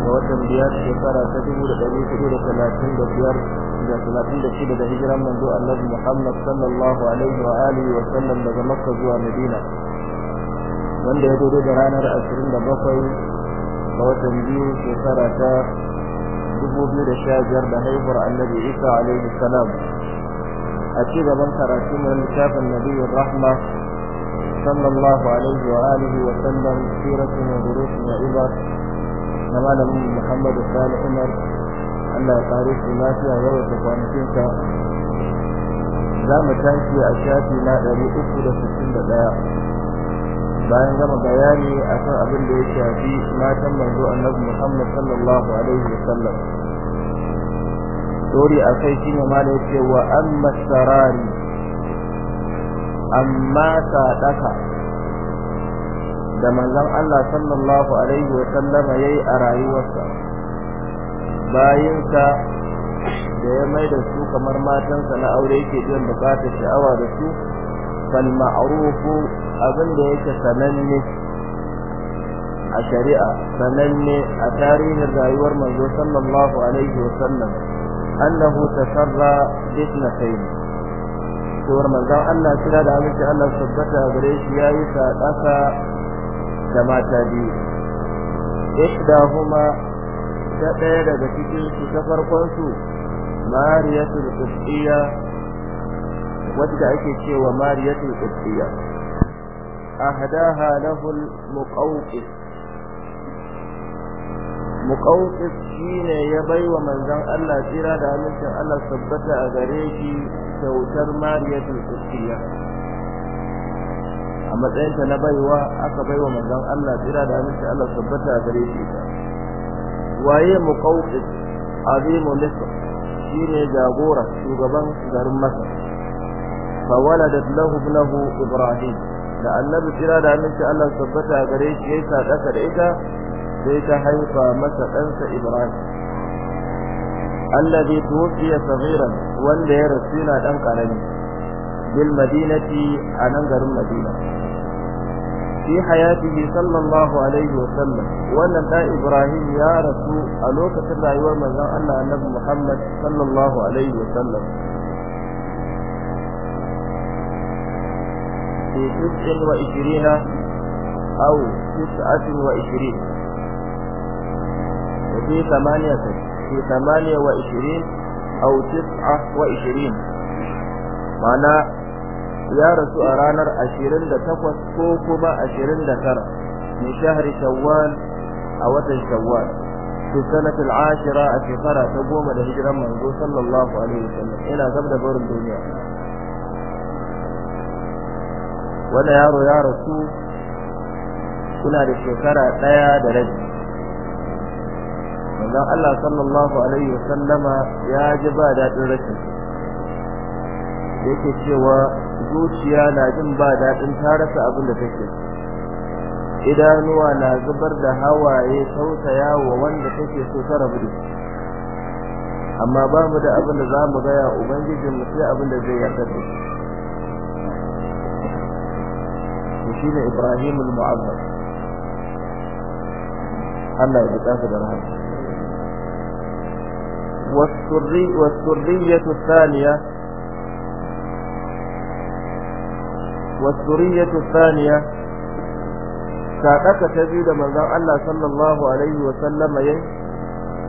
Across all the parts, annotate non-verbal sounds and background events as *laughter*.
ga watan biyar shekara ta dubu da ɗari hudu da talatin da biyar da talatin da shida da hijiran manzo annabi muhammad sallallahu alaihi wa alihi wa sallam daga makka zuwa madina wanda ya dodo da ranar ashirin da bakwai ga watan biyu shekara ta dubu biyu da sha biyar da haihuwar annabi isa alaihi salam a ci gaban karatu na littafin nabiyyin rahma صلى الله عليه وآله وسلم سيرة ودروس وعبر na malamin muhammadu sani umar allah ya kare su lafiya yawan da kwanakinsa za mu tashi a shafi na ɗari uku da sittin da ɗaya bayan gama bayani akan abin da ya shafi matan manzo annabi muhammad sallallahu alaihi wa sallam dori akai shine ma da yake wa amma sarari amma sadaka da manzon Allah sallallahu alaihi wa sallama yayi a rayuwarsa ka da ya mai da su kamar matansa na aure yake biyan bukatar sha'awa da su fal ma'rufu abin da yake sananne a shari'a sananne a tarihin rayuwar manzo sallallahu alaihi wa sallam annahu tasarra bi ithnatayn To manzon Allah kira da aminci Allah tabbata gare shi yayi sadaka da mata biyu ta ɗaya daga cikin su ta farkon su mariyatul qibtiyya wadda ake cewa mariyatul qibtiyya ahdaha lahu al-muqawqis muqawqis shine ya baiwa manzon Allah jira da halittar Allah tabbata a gare shi kyautar mariyatul qibtiyya a matsayinta na baiwa aka baiwa manzon Allah jira da aminci Allah tabbata gare shi waye muqawqis azimu misr shine jagora shugaban garin masa. fa waladat lahu ibnahu Ibrahim da annabi jira da aminci Allah tabbata gare shi ya sadaka da ita sai ta haifa masa ɗansa Ibrahim alladhi tuwfiya saghiran wanda ya rasu yana dan karami bil madinati anan garin Madina fi hayatihi sallallahu alaihi wa sallam wannan da Ibrahim ya rasu a lokacin rayuwar manzon Allah Annabi Muhammad sallallahu alaihi wa sallam في تسع وعشرين أو تسعة وعشرين وفي ثمانية في ثمانية وعشرين تسعة وعشرين معناه ya rasu a ranar 28 ko kuma 29 min shahri shawwal a watan shawwal fi sanati al-ashira a shekara ta goma da hijiran manzo sallallahu alaihi wasallam ina gab da barin duniya wannan yaro ya rasu suna da shekara ɗaya da rabi manzon Allah sallallahu alaihi wasallama ya ji ba daɗin rashin yake cewa zuciya na jin ba daɗin ta rasa abin da take idanuwa na zubar da hawaye tausaya wa wanda take so ta rabu da amma ba mu da abin da za mu gaya ubangijin mu sai abin da zai yarda da shi shi ne ibrahim al-mu'azzab Allah ya buƙata da rahama والسرية الثانية والسريه الثانيه سادك تزيد من الله صلى الله عليه وسلم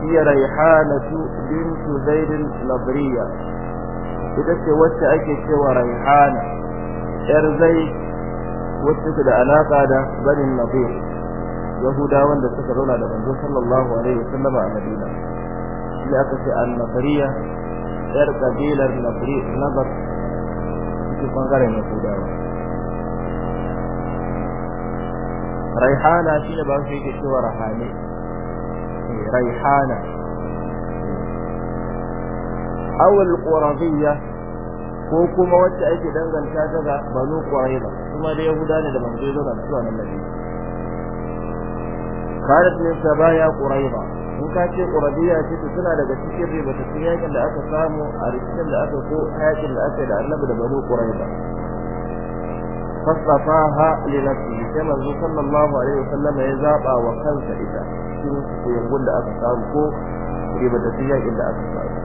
هي ريحانه بنت زيد النبريه ita ce wacce ake cewa raihana yar zai wacce ta da alaƙa da banin nabir yahudawan da suka zauna da banzo sallallahu alaihi wa sallama a madina shi aka ce an nabariya yar kabilar nabir nabar ita bangaren yahudawa raihana shi ne ba shi yake cewa rahane eh, raihana awal quradiyya ko kuma wacce ake danganta ta ga banu qurayza kuma da yahuda ne da manzo ya zaga cewa nan nabi karat min sabaya qurayza in ka ce quradiya ce to tana daga cikin cikin yakin da aka samu a rikicin da aka ko hayakin da aka da annabi da banu qurayza فاصطفاها لنفسه كما صلى الله عليه وسلم يزابا وخلف إذا يقول لأبا سامكو في بدتية إلا اكثر سامكو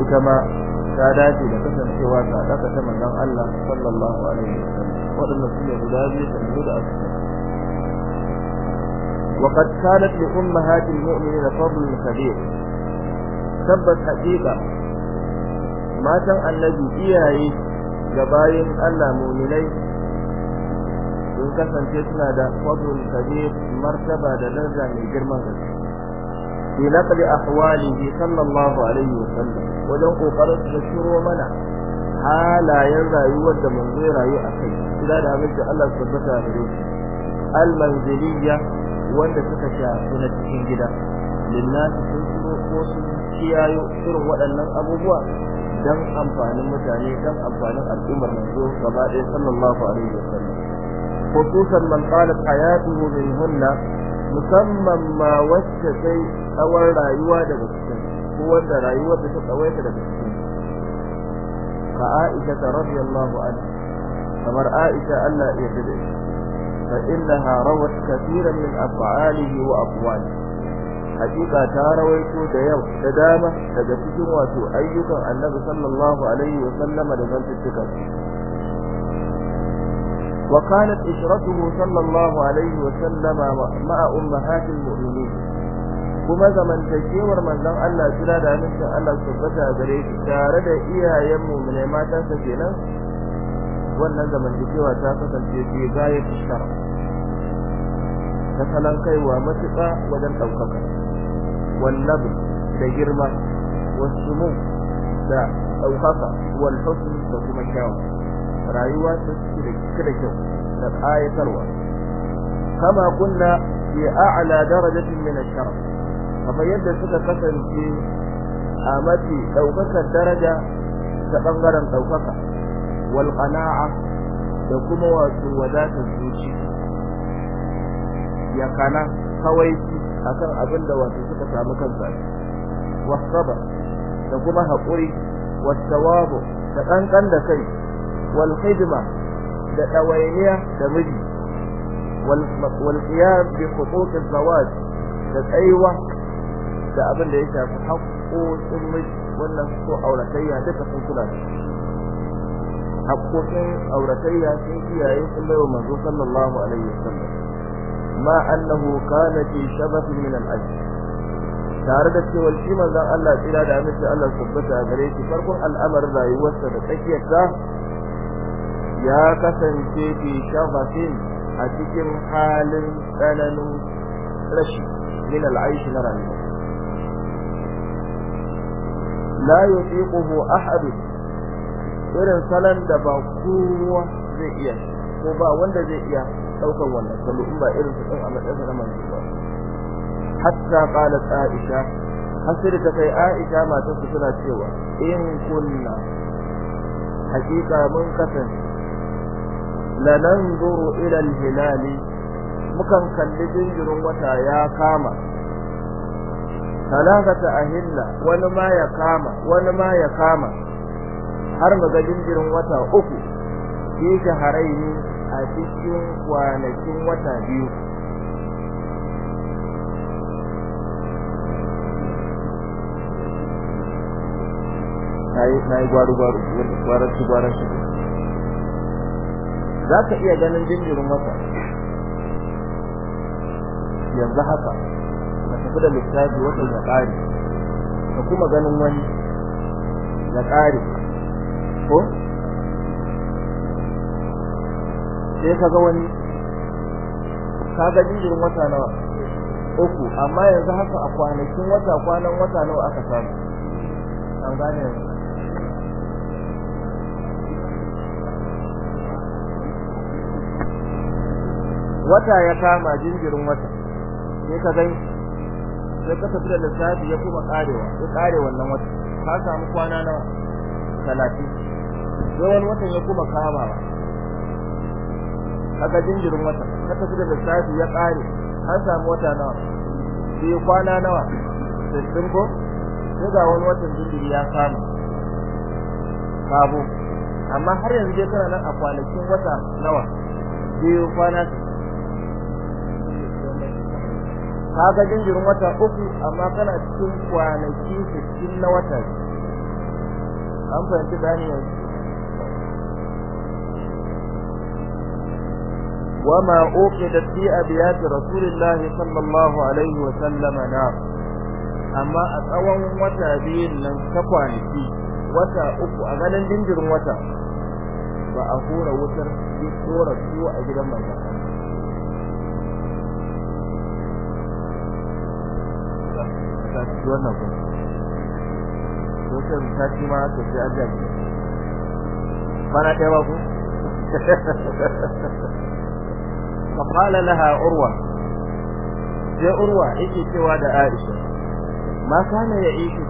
وكما ساداتي لكثم سواسا لكثم أنه الله صلى الله عليه وسلم وقال النسية غلابية سنجد أبا وقد كانت لأمهات المؤمنين فضل كبير ثبت حقيقة ما تنعى الذي إياه ga bayin Allah mu'minai sun kasance suna da fadlun kabir martaba da daraja mai girman gaske fi naqli ahwalihi sallallahu alaihi wa wajen kokarin da shiro mana halayen rayuwar da mun zai rayu a kai kira da aminci Allah tabbata da shi almanziliya wanda suka sha na cikin gida lillahi sun ko sun kiyayo irin waɗannan abubuwa dan amfanin mutane dan amfanin al'ummar manzo gaba ɗaya sallallahu alaihi wasallam خصوصا من طالت حياته منهن musamman ma wacce sai tsawon rayuwa daga cikin ko wanda rayuwar ta tsawaita daga cikin ka Aisha ta radiyallahu anha kamar Aisha Allah ya yarda da ita fa innaha rawat kathiran min af'alihi wa aqwalihi hakika ta rawaito da yau da dama daga cikin wato ayyukan annabi sallallahu alaihi wa sallama da zantuttukan وكانت إشرته صلى الله عليه وسلم مع أمهات المؤمنين kuma zamantakewar manzon Allah suna da amincin Allah su tabbata gare shi tare da iyayen mu'mine mata sa kenan wannan zamantakewa ta kasance fi gaya fuskar ta salon kaiwa wajen ɗaukaka والنبل da girma wasu da ɗaukaka walhassun da kuma kyawun rayuwa ta suke da da kyau da ƙayatarwa kama kunna fi a'la darajatin min ashar kama yadda suka kasance a mafi ɗaukakar daraja ta ɓangaren ɗaukaka wal qana'a da kuma wato wadatar zuci yakana kawai akan abin da wato suka samu kansa wasaba da kuma haƙuri wattawabu da ɗanɗan da kai wal khidma da ɗawainiya da miji wal qiyam bi huquq az-zawaj da tsayuwa da abin da ya shafi haƙoƙin miji wannan ko auratayya duka sun kula da haƙoƙin auratayya sun kiyaye sun bai wa manzo sallallahu alaihi wasallam ما أنه كان في شبث من الأجل tare da cewa shi manzon Allah tsira da aminci Allah tabbata gare shi farkon al'amarin rayuwarsa da tsakiyarsa ya kasance fi shafafin a cikin halin tsananin rashi min al'aishi na rayuwa la yutiquhu ahad irin salan da ba kowa zai iya ko ba wanda zai iya daukan wannan kallo in ba irin su a matsayin na manzo ba hatta qalat aisha hasir ta kai aisha mata su suna cewa in kunna hakika mun kasan lananzuru ila al-hilali mukan kalli jinjirin wata ya kama talakata ahilla wani ma ya kama wani ma ya kama har mu ga jinjirin wata uku fi shahararri a cikin kwanakin wata biyu na yi gwaru-gwaru za ka iya ganin jinjirin wata yanzu haka ka tafi da littafi wata ya ƙari, ka kuma ganin wani ya ƙari ko sai kaga wani kaga jinjirin wata nawa uku amma yanzu haka a kwanakin wata kwanan wata nawa aka samu an gane yanzu wata ya kama jinjirin wata sai ka gani sai ka tafi da lissafi ya kuma karewa ya kare wannan wata ka samu kwana nawa talatin sai wani watan ya kuma kama aka jinjirin wata ka tafi da lissafi ya ƙare an samu wata nawa sai kwana nawa sittin ko sai ga wani watan jinjiri ya samu sabo amma har yanzu dai kana nan a kwanakin wata nawa biyu kwana ka ga jinjirin wata uku amma kana cikin kwanaki sittin na wata an fahimci bayani yanzu وما أوقدت في أبيات رسول الله صلى الله عليه وسلم نار أما أتوان وتابين لن تقعني فيه وتا أكو أغلن جنجر وتا وأفور وتر في سورة سوء أجل من wannan ko sai ta ci ma ta ji ajabi mana kai ba ku فقال لها عروة sai urwa yake cewa da Aisha ma kana ya yi shi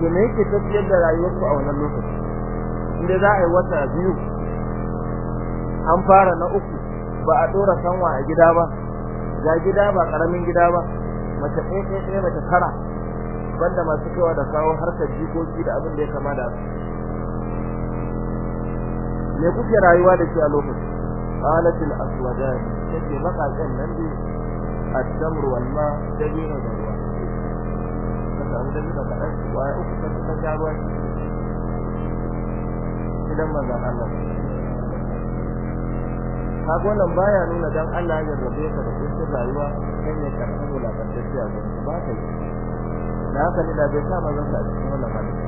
to me da rayuwarku a wannan lokaci inda za a yi wata biyu an fara na uku ba a dora sanwa a gida ba ga gida ba karamin gida ba mace ɗaya ɗaya ɗaya mace tara banda masu kaiwa da kawo harkar jikoki da abin da ya kama da me kuke rayuwa da shi a lokacin قالت الأسودان تجي بقى كان نبي التمر والماء تجين ودروا فسأل نبي بقى أنت وأكتب تجعل واجب idan manzan Allah kaga wannan baya nuna dan Allah ya rabe ka da cikin rayuwa kan ya karɓi wulakantar da ba ta yi da haka ne da bai sa manzan sa cikin wannan hadisi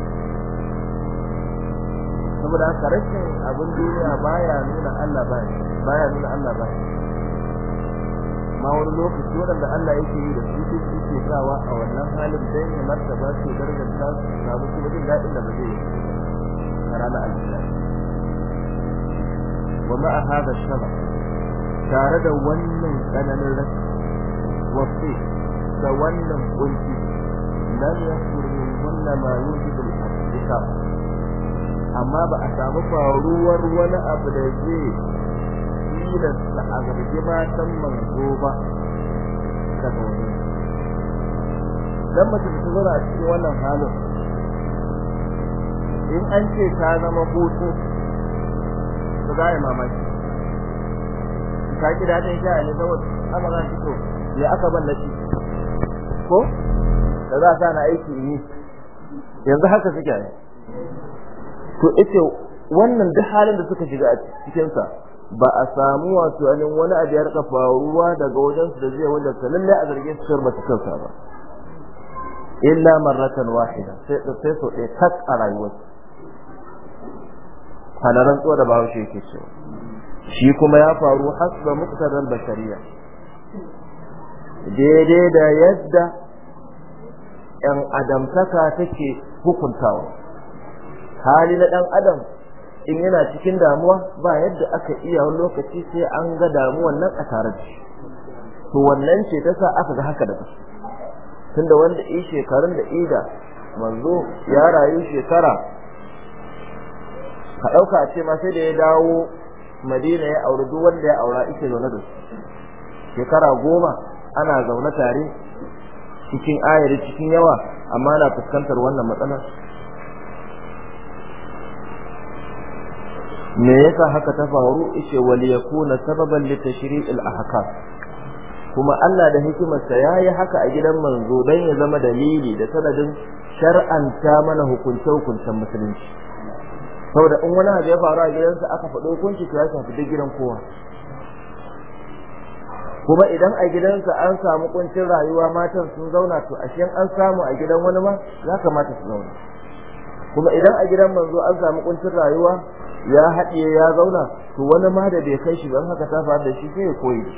saboda haka rashin abin duniya baya nuna Allah ba baya nuna Allah ba ma wani lokaci waɗanda Allah yake yi da su su ke sawa a wannan halin dan ya martaba su darajanta su samu kuma jin daɗin da ba zai yi a ranar aljiya wa ma a haɗa shaba tare da wannan tsananin rashin wasu da wannan kunci lam yasur min hunna ma yujibu al-ihtiqaq amma ba a samu faruwar wani abu da zai tilasta a zargi matan manzo ba daga wani dan mutum su zura a cikin wannan halin in an ce ta zama hutu to za a yi mamaki ta ki daɗin sha a saboda amara amuran fito ne aka ballaci ko da za a sa na aiki ne yanzu haka suke ne to ita wannan duk halin da suka shiga a cikinsa ba a samu wato anin wani abu ya rika faruwa daga wajen su da zai ta lallai a zargin su shirma su kansa ba illa marratan wahida sai da sai so ɗaya tak a rayuwar halaran tsuwa da bahaushe yake so shi kuma ya faru hasba muktarar bashariya daidai da yadda yan adamtaka take hukuntawa hali na dan adam in yana cikin damuwa ba yadda aka iya wani lokaci sai an ga damuwan nan a tare da shi to wannan ce ta sa aka ga haka da su tunda wanda yi shekarun da ida manzo ya rayu shekara ka ɗauka ce ma sai da ya dawo madina ya auri duk wanda ya aura ike zaune da su shekara goma ana zaune tare cikin ayari cikin yawa amma na fuskantar wannan matsalar me yasa haka ta faru yace wal yakuna sababan li tashri'il ahkam kuma Allah da sa yayi haka a gidan manzo dan ya zama dalili da sanadin shar'anta mana hukunce hukuncen musulunci saboda in wani abu ya faru a gidansa aka faɗo hukunci to ya shafi duk gidan kowa kuma idan a gidansa an samu kuncin rayuwa matan sun zauna to ashe an samu a gidan wani ma ya kamata su zauna kuma idan a gidan manzo an samu kuncin rayuwa ya haɗiye ya zauna to wani ma da bai kai shi ban haka ta faru da shi sai ya koyi to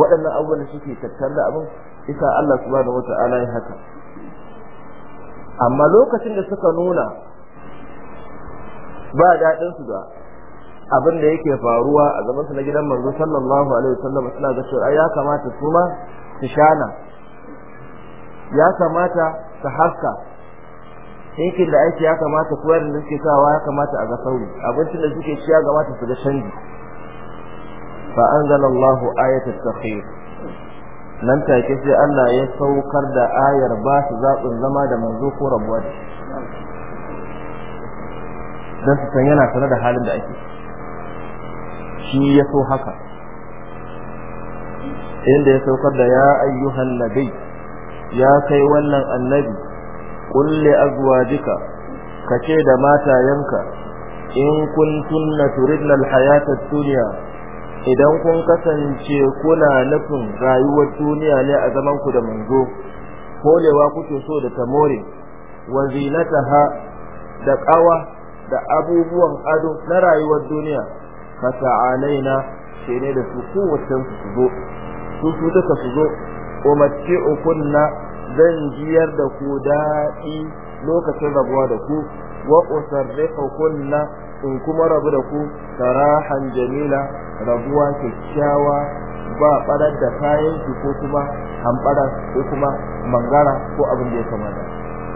waɗannan abubuwan da suke tattare da abin isa Allah subhanahu wata'ala ya haka amma lokacin da suka nuna ba daɗin su da abin da yake faruwa a gaban su na gidan manzo sallallahu alaihi wasallam suna ga cewa ya kamata su ma su shana ya kamata su haska aikin da aiki ya kamata koyar da suke sawa ya kamata a ga sauri abincin da suke shi ya kamata su ga canji fa anzalallahu ta takhir nan take sai Allah ya saukar da ayar ba su zaɓin zama da manzo ko rabuwa da dan su san yana sanar da halin da ake shi ya so haka inda ya saukar da ya ayyuhan nabi ya kai wannan annabi kulle azwajika kace da matayanka in kuntunna turidna alhayata ad-dunya idan kun kasance kuna nufin rayuwar duniya ne a zaman ku da manzo kolewa kuke so da tamore wa zinataha da qawa da abubuwan ado na rayuwar duniya fata alaina ne da su kowace su zo su su duka su zo umatti'ukunna zan jiyar da ku daɗi lokacin rabuwa da ku wa usarrihukunna in kuma rabu da ku sarahan jamila rabuwa kyakkyawa ba ɓarar da kayan ki ko kuma hambara ko kuma mangara ko abin da ya kamata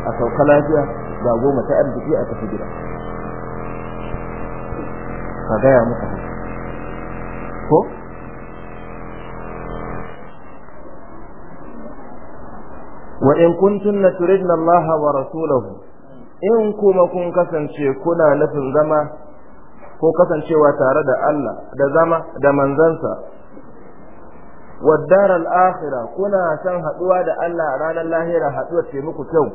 a sauka lafiya ga goma ta arziki a tafi gida ka gaya muka ko wa in kuntunna turidna Allah wa rasulahu in kuma kun kasance kuna nufin zama ko kasancewa tare da Allah da zama da manzansa waddar al'akhira kuna san haɗuwa da Allah ranar lahira haɗuwa ce muku kyau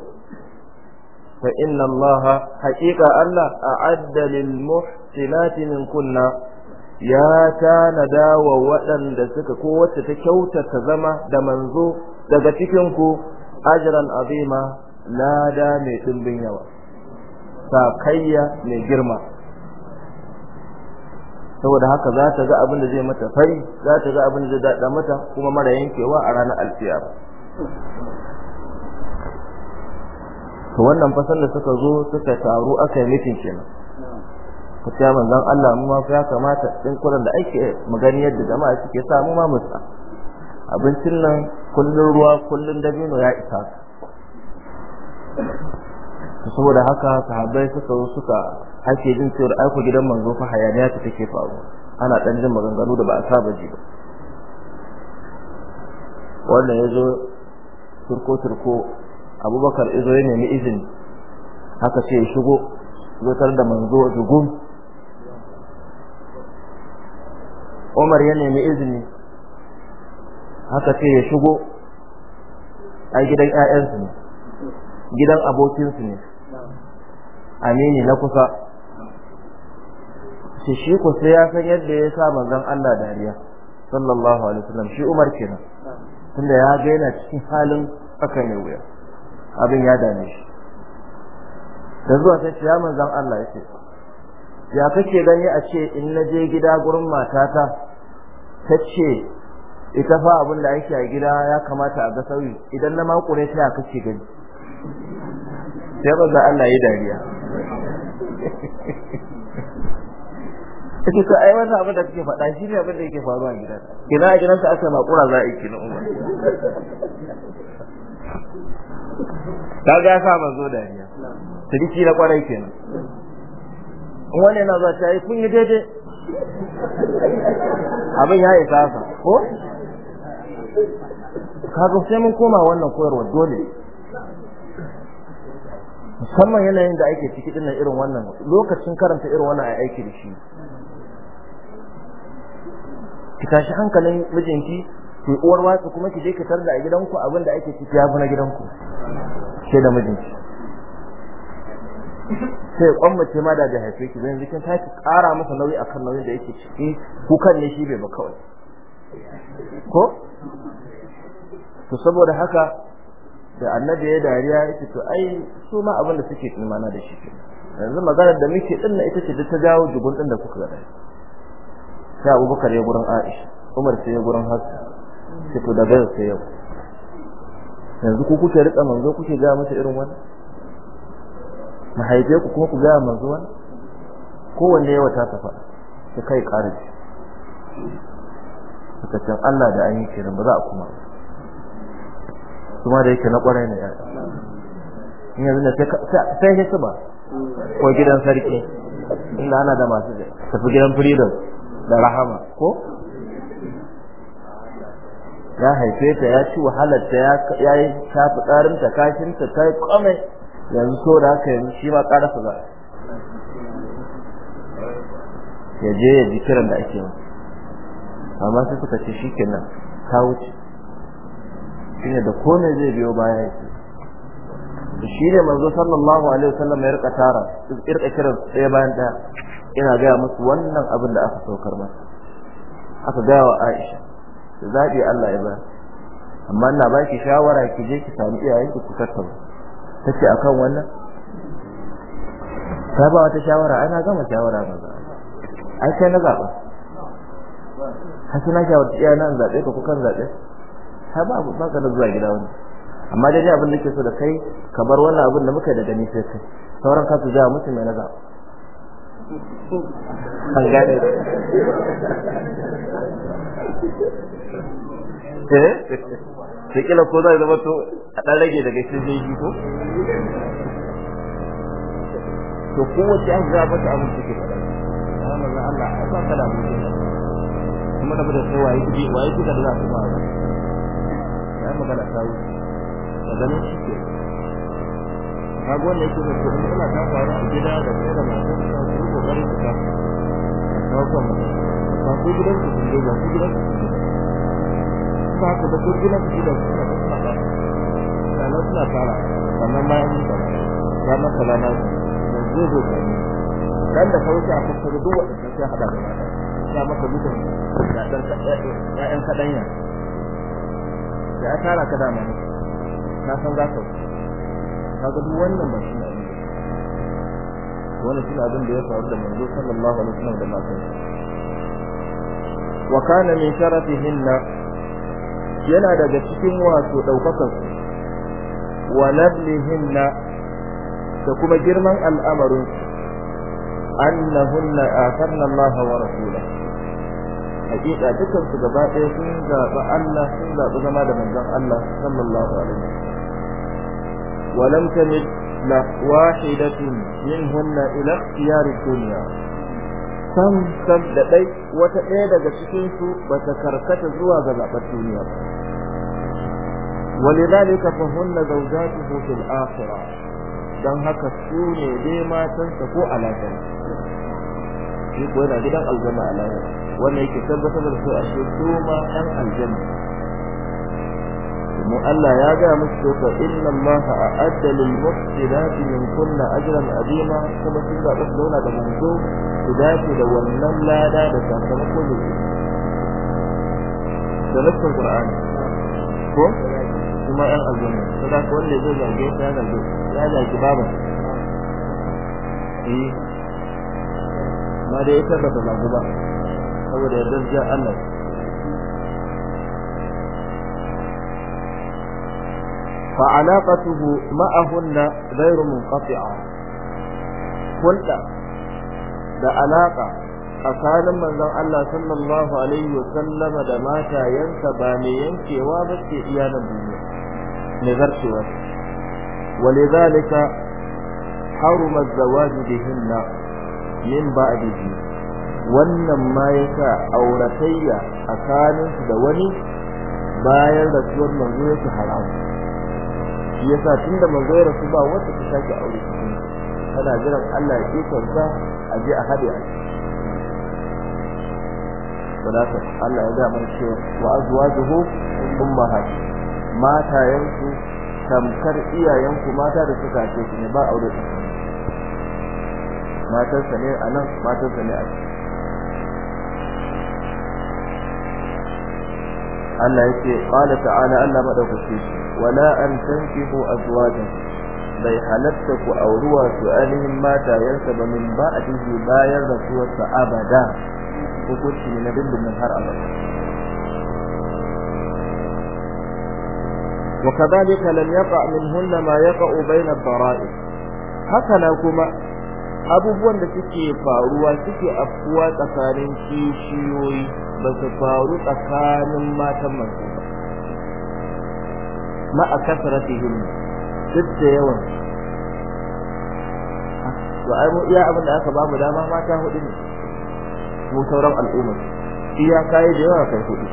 fa inna Allah haƙiƙa Allah a addalil muhsinati min kunna ya tanada wa waɗanda suka ko wacce ta kyautata zama da manzo daga cikin ku ajiran azima lada mai dimbin yawa sakayya mai girma saboda haka za ta ga abin da zai mata fari za ta ga abin da zai dada mata kuma mara yankewa a ranar alkiyama to wannan fasan da suka zo suka taru aka yi mitin kenan ku ta manzon Allah mu ma ya kamata din kuran da ake magani yadda jama'a suke sa mu ma musa abincin nan kullun ruwa kullun dabino ya isa saboda haka sahabbai suka zo suka ake jin cewa aiko gidan manzo fa hayaniya ta take faru ana dan jin maganganu da ba a saba ji ba wannan yazo turko turko abubakar izo ya nemi izini haka ce ya shigo zotar da manzo a jugun umar ya nemi izini haka ce ya shigo a gidan 'ya'yansu ne gidan abokinsu ne amini na kusa shi shi ku sai ya san yadda ya sa manzan Allah dariya sallallahu alaihi wasallam shi Umar kenan tunda ya ga yana cikin halin akan ya wuya abin ya dame shi da zuwa shi ya manzan Allah ya ce. ya kake gani a ce in na je gida gurin matata ta ce ita fa abin da yake a gida ya kamata a ga sauyi idan na makure a kace gani sai bazan Allah ya dariya *laughs* take ai wannan abin da kike faɗa shi ne abin da yake faruwa a gidan kina a gidansa aka makura za a yi na umar *laughs* kaga ya sa zo dariya sadiki na kwarai kenan wani yana za ta yi kun yi daidai *laughs* abin ya isa ko kaga sai mun koma wannan koyarwa dole musamman yanayin da ake ciki dinnan irin wannan lokacin karanta irin wannan ai aiki da shi ki tashi hankalin mijinki ki uwar wasu kuma ki je ki tarda a gidanku abin da ake ciki ya fi na gidanku sai da mijinki sai ce ma da haife ki zan jikin taki kara masa nauyi akan nauyin da yake ciki kan ne shi bai ba kawai ko to saboda haka da annabi ya dariya yake to ai su ma abin da suke imana da shi yanzu maganar da muke din ita ce da ta jawo dubun din da kuka ga dai sai Abubakar ya gurin Aisha Umar sai ya gurin Hafsa sai to daga yau sai yau yanzu ku kuke rika manzo kuke ga masa irin wannan mahaife ku kuma ku ga manzo wannan kowanne yawa ta tafa ta kai karaji can Allah da an yi kiran ba za a kuma kuma da yake na kwarai na yaya ina zina sai sai ba ko gidan sarki inda ana da masu tafi gidan freedom da rahama ko ya haife ta ya ci ta ya yi ta kashin ta ta yi kwamai yanzu so da haka yanzu shi ma su za ya je ya ji kiran da ake yi amma sai suka ce shi kenan ta wuce shine da kome zai biyo baya shi shi ne manzo sallallahu alaihi wasallam ya rika tara irka kiran sai bayan ɗaya ina gaya musu wannan abin da aka saukar masa aka gaya wa Aisha da zaɓi Allah ya ba amma ina ba ki shawara ki je ki sami ki ku tattauna tace akan wannan ta ba wata shawara ana gama shawara ba za ai kai na zaɓa hasina iya nan zaɓe ka kukan zaɓe ta babu ba ka zuwa gida wani amma dai abin da ke so da kai ka bar wannan abin da muka daga ni sai kai sauran ka su ja musu mai naza an gane eh sai kila ko zai zama to a dan rage daga shi zai yi ko to kowace an zaba ta abin take faɗa amma Allah ya saka da mu kuma da da sai waye kike waye kike da za su ba ya magana ta wuce daga ganin shi ke kaga wanda yake da kuma matsala ta faru a gida da kai da matar ta su yi kokarin su ta kawakon ba ku gidan su sun ba ku gidan su sun ba ku da ku gidan su gidan su ba suna ba sannan suna tara sannan bayan yi ba ranar salama da zai zo ka yi dan da kawai a fassara duk wanda sai hada da ya maka dukan ya dan kaɗan ya Da a tara ka dama na san za ka ka ga duk wannan ba shi wani shi abin da ya faru da manzo sallallahu alaihi wasallam da matan wa kana min sharafihinna yana daga cikin wato daukakar su wa nablihinna da kuma girman al'amarin annahunna afarna Allah wa rasulahu hakika dukan su gaba ɗaya sun zaɓi Allah sun zaɓi zama da manzon Allah sallallahu alaihi wasallam ولم تمد واحدة منهن إلى اختيار الدنيا sam sam da dai wata ɗaya daga cikinsu su ba ta karkata zuwa ga zaɓar duniya ba walidhalika fa hunna zawjatuhu fil akhirah don haka su ne dai matan ko alaƙar shi ko yana gidan aljanna a lahira wannan yake tabbatar da cewa shi su ma ɗan aljanna mu Allah ya ga musu cewa inna Allah a'adda lil muhsinati min kunna ajran azima kuma sun ga su zauna da manzo su dace da wannan lada da sakamako da su da nufin Qur'ani ko kuma ɗan aljanna saboda wanda zai zage ta zage ya zage baban eh amma dai ita ba ta lagu ba saboda yardar jiya Allah فعلاقته ma'ahunna غير منقطعة كنت da alaka tsakanin manzon Allah sallallahu alaihi wa sallama da matayensa ba mai yankewa ba ce iya na duniya ne ولذلك حرم الزواج بهن min ba'dihi wannan ma yasa auratayya tsakanin su da wani bayan rasuwar manzo yake haram shi yasa tunda manzo ya rasu ba wanda ta sake aure cikin kana jiran Allah ya kikonta a je a hade a wadata Allah ya ga mana cewa wa azwajuhu ummahat su, tamkar iyayen ku, mata da suka ce ne ba aure tsakanin matarsa ne a nan matarsa ne a nan Allah yake qala ta'ala Allah madaukake wala an tankihu azwajan bai halatta ku auruwa su alihin mata yansa ba min ba a jiji bayan rasuwar sa abada hukunci ne na dindindin har abada وكذلك لم يقع منهن ما يقع بين الضرائب هكذا kuma. abubuwan da suke faruwa suke afkuwa tsakanin kishiyoyi ba su faru tsakanin matan masu ba ma a hin duk da yawan to ai iya abin da aka ba mu dama mata hudu ne mu sauran al'umma iya kayi da yawa kai hudu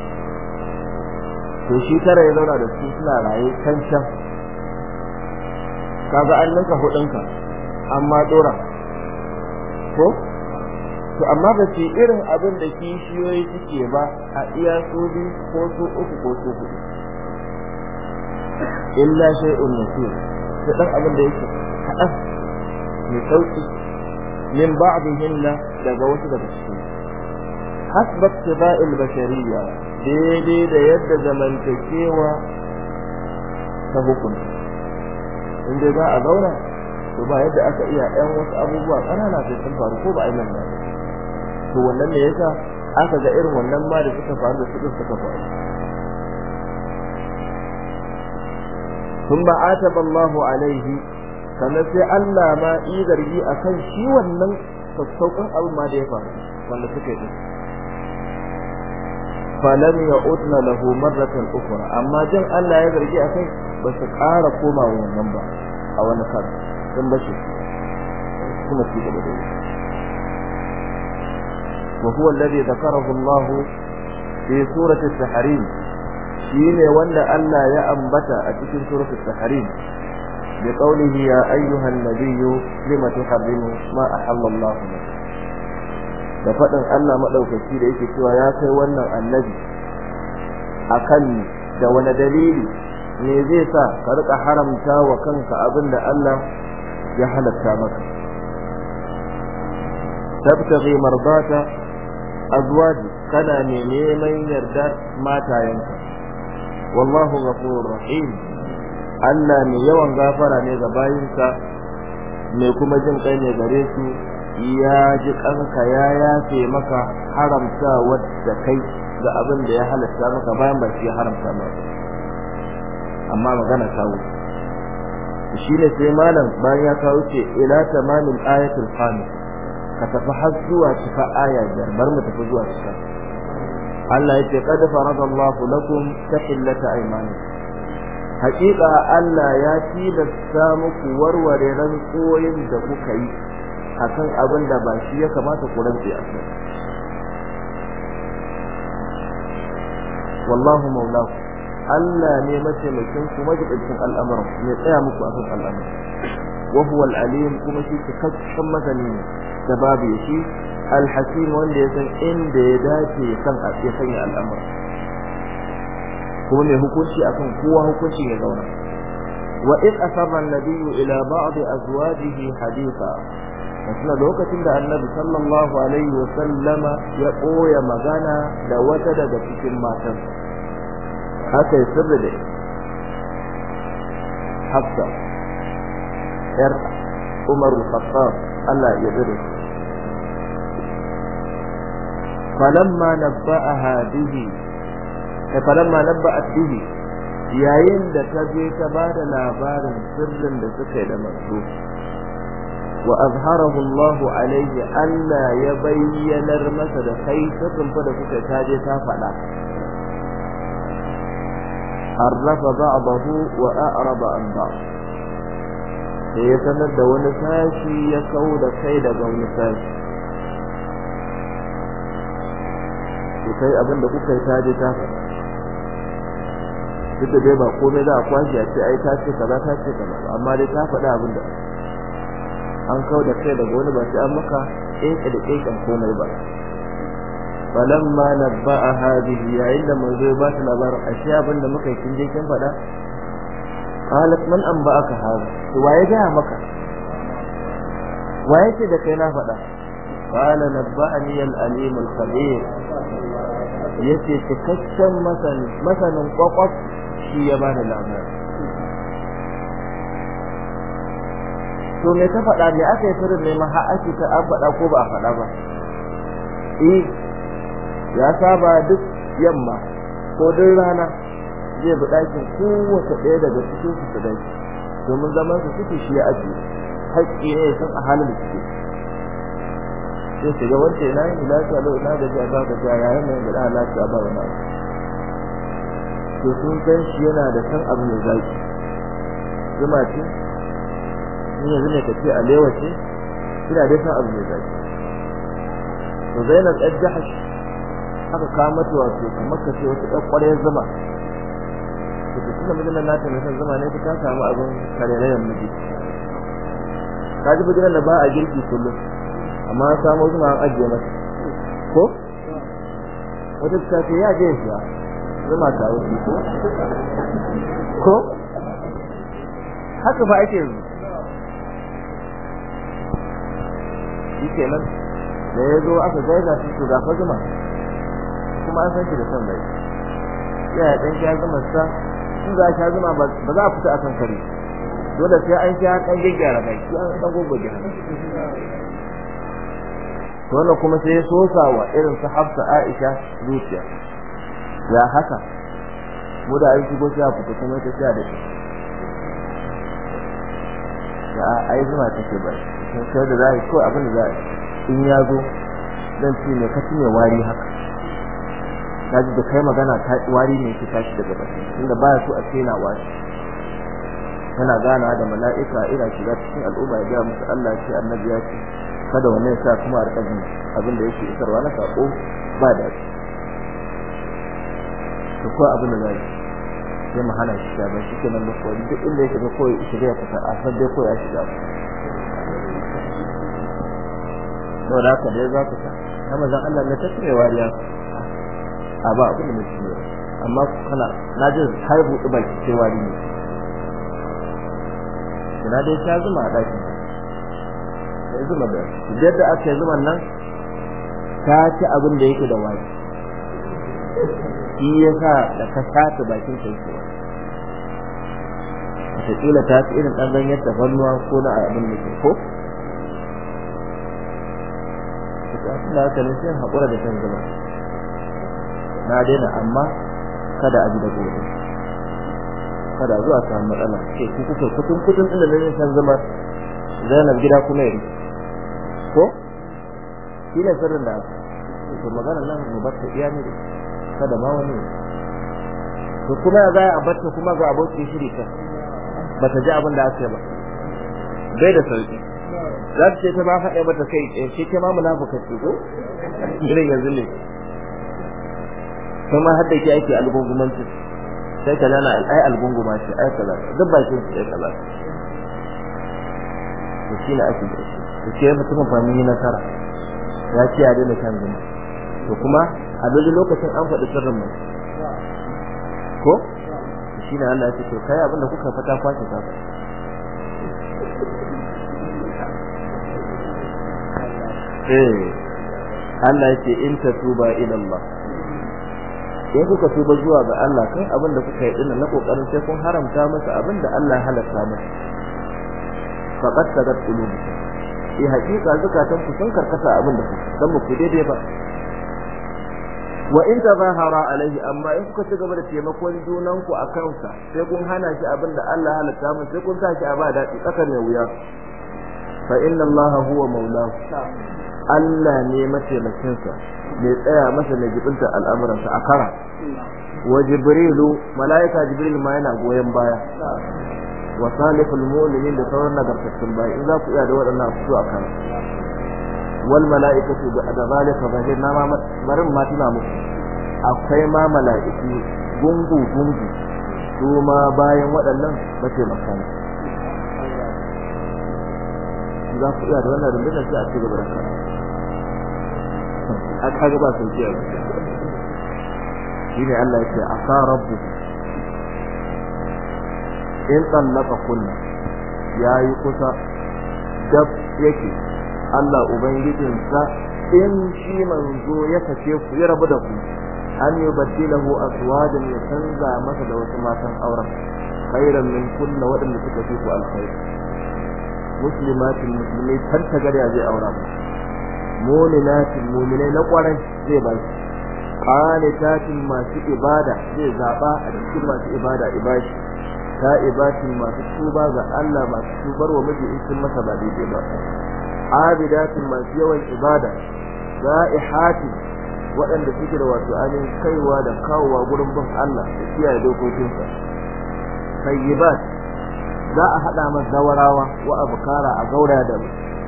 to shi tara ya zauna da su suna raye can can kaga an ninka hudunka amma dora ko to amma ba ce irin abin da kishiyoyi suke ba a iya su bi ko su uku ko su hudu illa shay'un nasir sai dan abin da yake kadan ne sauki min ba'dihinna daga wasu daga cikin hasba tiba'il bashariya daidai da yadda zamantakewa ta hukunta inda za a zauna to ba yadda aka iya ɗan wasu abubuwa ƙanana sai sun faru ko ba a yi nan ba to wannan ne yasa aka ga irin wannan ma da suka faru da su din suka faru thumma ataba Allahu alaihi sannan sai Allah ma yi zargi akan shi wannan sassauƙan abin ma da ya faru wanda suka yi falam ya utna lahu marratan ukhra amma jin Allah ya zargi akai ba su ƙara komawa wannan ba a wani karo sun bashi kuma su gaba da وهو الذي ذكره الله في سورة التحريم shine wanda Allah ya ambata a cikin suratul tahrim bi qawlihi ya ayyuhan nabiyyu lima tuharrimu ma ahalla Allah lak da fadin Allah madaukaki da yake cewa ya kai wannan annabi akan da wani dalili ne zai sa ka rika haramta wa kanka abinda Allah ya halatta maka tabtaghi mardata azwaji kana ne neman yarda matayenka wallahu ghafurur rahim Allah mai yawan gafara ne ga bayinka mai kuma jin kai ne gare su ya ji kanka ya yafe maka haramta wadda kai ga abin da ya halatta maka bayan ba shi ya haramta maka amma magana ta wuce shine sai malam bayan ya kawo ce ila tamamin ayatul khamis ka tafi har zuwa cika aya biyar bar mu tafi zuwa cika Allah ya ce qad faradallahu lakum tahillata aymanikum haƙiƙa Allah ya tilasta muku warware rantsoyin da kuka yi akan abin da ba shi ya kamata ku rantse a kai wallahu Allah ne mataimakin ku majibincin al'amuran ya tsaya muku akan al'amuran wa huwa al-alim kuma shi cikakken masani ne da babu shi al-hakim wanda ya san inda ya dace ya san ya sanya al'amuran kuma mai hukunci akan kowa hukunci ya zauna wa id asarra an-nabiyyu ila ba'd azwajihi haditha Masana lokacin da annabi sallallahu alaihi wa sallama ya ɓoya magana da wata daga cikin matansa aka yi sirri da hafsa yar umar al Allah ya tsare falamma nabba'aha bihi falamma nabba'at bihi yayin da ta je ta ba da labarin sirrin da suka yi da manzo wa azharahu Allah alayhi Allah ya bayyanar masa da kai sirrin fa da kuka ta je ta faɗa arrafa ba'dahu wa a'rada an ba'd sai ya sanar da wani sashi ya kau da kai daga wani sashi ku kai abin da kuka yi taje ta duk da dai ba komai za a kwashi a ce ai ta ce kaza ta ce kaza amma dai ta faɗi abin da an kau da kai daga wani ba sai an maka ƙeƙe da ƙeƙen komai ba falamma nabba'a hadhihi yayin da manzo ya ba ta labarin ashe abin da muka yi kin je kin faɗa qalat man anba'aka hadha to waye ga maka waye ce da kai na faɗa qala masanin kwakwaf shi ya to me ta faɗa me aka yi firin ne ma har ake ta an faɗa ko ba a faɗa ba eh ya saba duk yamma ko duk rana zai bi ɗakin kowace ɗaya daga cikin su shi domin zaman su suke shi ya ajiye haƙƙi ne san a halin da suke sai su ga wanda ina yin lafiya lau ina da ja ba ga ja yayin da ina lafiya ba wani abu to sun san shi yana da san abu mai zaki zuma ce ni yanzu ne ka ce a lewace ce ina dai san abu mai zaki to zainab ɗan jahash aka kama ta wato kamar ka ce wata ɗan ya zama da ta tuna mijinan nata mai son zama ne ta ta samu abin karerayen miji ka ji bijinan da ba a girki kullum amma ya samo zuma an ajiye mata ko wata ta ce ya je ya zuma ta wuce ko ko haka ba ake yanzu shi kenan da ya zo aka gaida shi su gafa zuma kuma an san shi da son bai ya dan ya zuma sa in za ka zuma ba za a fita a kan kare dole sai an sha dan gaggara bai shi an dan gogoge to wannan kuma sai ya sosa wa irin su Hafsa Aisha zuciya ya haka mu da aiki ko sai fita kuma ta sha da shi ya ai zuma ce bai sai da zai ko abin da zai in ya zo zan ce ne ka mai wari haka kaji da kai magana ta wari ne ki tashi daga baki tunda baya so a tsena wari kana gana da mala'ika ira da cikin al'umma ya ga musu Allah ce annabi ya ce kada ya sa kuma a abin da yake isarwa na sako ba da shi to ko abin da zai sai mu hana shi da ba shi kenan da ko duk inda yake ko ya ta a san dai ko ya shiga to da ka dai za ka ta amma zan Allah ne ta tsare wariya a ba abin da muke amma kana na ji har buɗe baki cewa wari ne ina dai ta zuma a daki sai zuma da da aka yi zuma nan ta ci abin da yake da waje shi yasa da ka sata bakin kai ko ta kila ta ci irin ɗan ganyen hannuwa ko na abin da ke ko da haka ne sai haƙura da shan zuma na daina amma kada a ji da gobe kada zuwa samu matsala ke ku kuke kutun kutun din da ne san zama zainab gida kuma yi ko shi ne sirrin da to magana nan mu bar ta iya ne kada ma wani to kuma za a bar ta kuma ga abokin shiri ta bata ji abin da ake ba bai da sauki za ta ce ta ba faɗa mata kai ce ke ma munafuka ce ko irin yanzu ne kai ma hadda ki ake algungumanci sai kaza na ai algunguma shi ai kaza duk ba shi sai kaza to shi ne ake da shi ke mutumin fa mun yi nasara ya ci ya daina kan gumi to kuma a dole lokacin an faɗi sirrin mu ko shi ne Allah ya ce to kai abinda kuka fata kwace ka eh Allah ya ce in tatuba ila Allah in kuka tuba zuwa ga Allah kai abin da kuka yi dinnan na kokarin sai kun haramta masa abin da Allah ya halatta masa faqad sagat qulubukum shi eh, hakika zakatan ku sun karkasa abin da kuka san ku daidai ba wa in tazahara alaihi amma in kuka ci gaba da taimakon junan ku a kansa sai kun hana shi abin da Allah halatta masa sai kun sa shi a ba daɗi tsakar ne wuya fa inna allaha huwa maulahu Allah ne mataimakinsa mai tsaya masa mai jibinta al'amuransa a kara wa jibrilu mala'ika jibril ma yana goyon baya wa salihul mu'minin da sauran nagartattun baya in za ku iya da waɗannan fito a kara wal mala'ikatu da zalika zahir na ma barin ma tuna akwai ma mala'iki gungu gungu su ma bayan waɗannan mataimakan za ku iya da wannan rundunar sai a ci gaba da kara a kaga ba sun ce shine Allah yake asa rabbu in tsallaka kunna yayi kusa dab yake Allah sa in shi manzo ya kace ku ya rabu da ku an yubaddilahu azwajan ya canza masa da wasu matan auren khairan min kunna waɗanda suka fi ku alkhair muslimatin musulmai tantagar ya zai aura musu mu'minatin mu'minai na kwarai zai ba shi qanitatin masu ibada zai zaba a cikin masu ibada ibashi ta ibatin masu tuba ga Allah masu tubar wa miji in masa ba daidai ba abidatin masu yawan ibada za'ihatin waɗanda suke da wato anin kaiwa da kawowa gurin bin Allah da kiyaye dokokinsa tayyibat za a haɗa masa zawarawa wa abukara a gaura da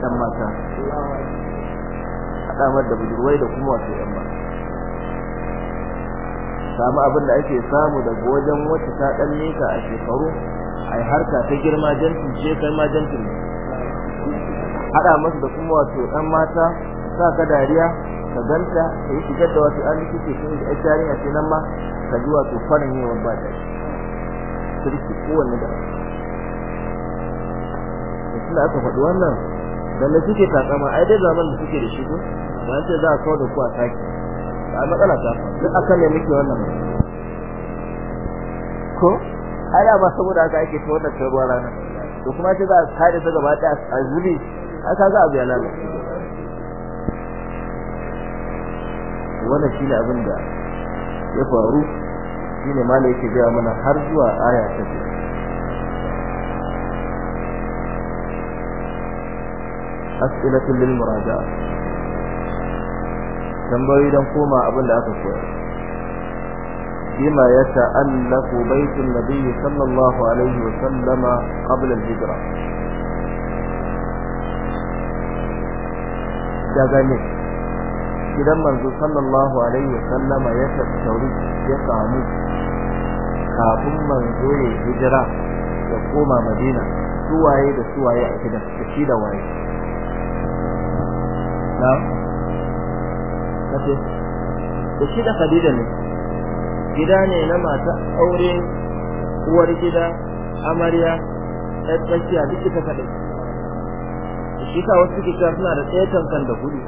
dan mata samar da budurwai da kuma wasu yamma samu abin da ake samu daga wajen wata ta dan nika a shekaru ai harka ta girma jantin ce kai ma jantin hada masu da kuma wato dan mata sa ka dariya ka ganta ka yi shigar da wasu an kike sun da ajari a cikin ma ka ji wato farin wa ba da shi kowanne da shi da aka faɗi wannan da suke takama ai dai zaman da suke da shi ko ba sai za a kawo da ku a saki ba matsala ta duk akan ne muke wannan ko ai ba saboda haka ake tawo da ruwa rana to kuma sai za a kare ta gaba ɗaya a zubi ai ga abu ya lalace wannan shine abin da ya faru shi ne ma ne yake ga mana har zuwa aya ta as'ilatul lil muraja'a tambayoyi don koma abin da aka koya bima ya ta'allaku baitun nabiyyi sallallahu alaihi wa sallama qabla al-hijra daga ne gidan manzo sallallahu alaihi wa sallama ya tattauri ya samu kafin manzo ya hijira ya koma madina suwaye da suwaye a gidan shi da waye na'am kace da shi da Khadija ne gida ne na mata aure uwar gida amarya ɗan tsakiya duk ta kaɗai shi ka wasu suke suna da tsaye kan da kuɗi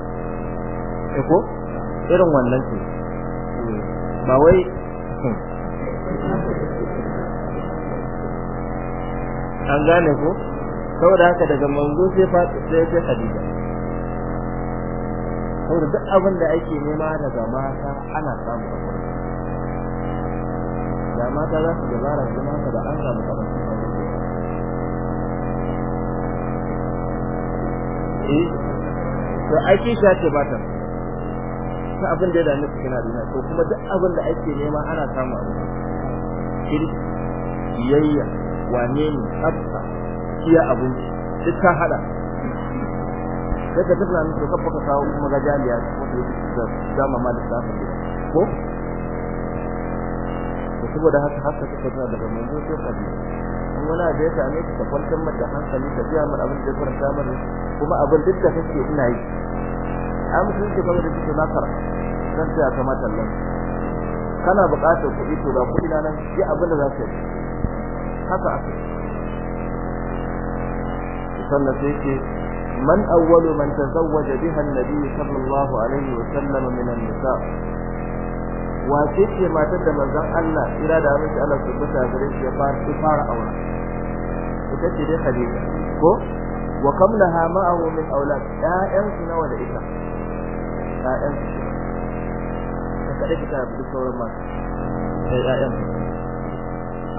e ko irin wannan ce ba wai *laughs* an gane ko saboda haka daga manzo sai fa sai sai Khadija saboda duk abin da ake nema daga mata ana samu a da mata za su gabara su mata da an samu kamar su eh to ake shace ba ta ta abin da ya dame su kina duniya to kuma duk abin da ake nema ana samu a gurin kirki biyayya wane ne tsafta iya abinci duk ta hada sai ka tuna ni kafa ka kawo kuma ga jami'a ko da dama ma da safa ko to saboda haka haka suka tuna daga manzo sai ka bi wani da ya same ka kwantar mata hankali ka biya mar abin da ya faranta mar kuma abin duk da kake ina yi a mutum ke kamar da kike na kar ta sai ka mata kana buƙatar kuɗi to ga kuɗi na nan yi abin da za ka yi haka aka sannan sai ke من أول من تزوج بها النبي صلى الله عليه وسلم من النساء واتيتي ما تدى من ذا الله إلى دامش على سبتها فريش يقار إفار أولا وتتي دي خديجة كو وكم لها معه من أولاد لا أنسنا ولا إسا لا أنسنا فكذلك كتاب بسورة ما لا أنسنا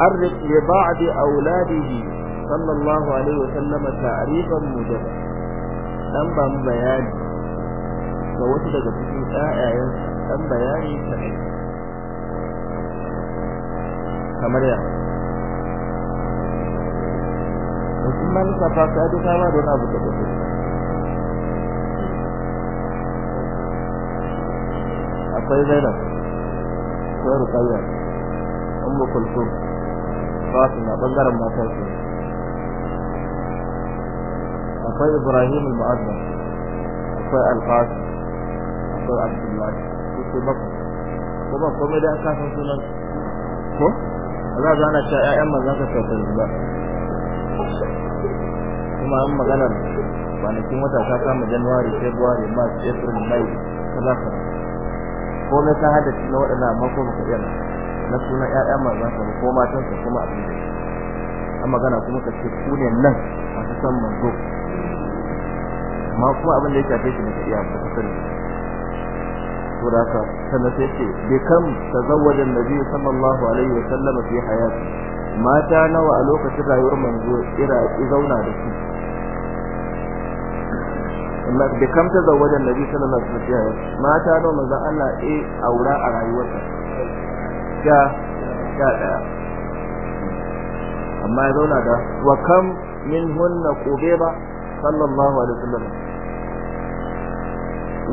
أرق لبعض أولاده صلى الله عليه وسلم تعريفا مجرد dan ba mu bayani ga wasu daga cikin ƴaƴayen dan bayani ta kamar ya Usman kafa ka duka ba don abu da kuke akwai Zainab ko Ruqayya Ummu Kulthum Fatima bangaren mata ce akwai ibrahim al-mu'azzam akwai al-qasim akwai abdullahi su ce bakwai ko ba komai da aka san sunan ko za ga ana cewa ƴaƴan manzon ka sautar ba kuma an maganar kwanakin wata ta kama januwari february march april may kaza kaza komai ka hada shi na waɗannan amma ko baka iya na sunan ƴaƴan manzon ka ko matansa kuma abin da an magana kuma ka ce ku ne nan masu san manzo amma kuma abin da ya shafe shi ne iya ba ta sani to da ka sannan sai ce bi kam tazawwaja annabi sallallahu alaihi wa sallam fi hayati mata nawa a lokacin rayuwar manzo ira zauna da su Allah bi kam tazawwaja annabi sallallahu alaihi wa sallam mata nawa manzo Allah eh aura a rayuwarsa ya ya daya amma ya zauna da wa kam min hunna qubira sallallahu alaihi wasallam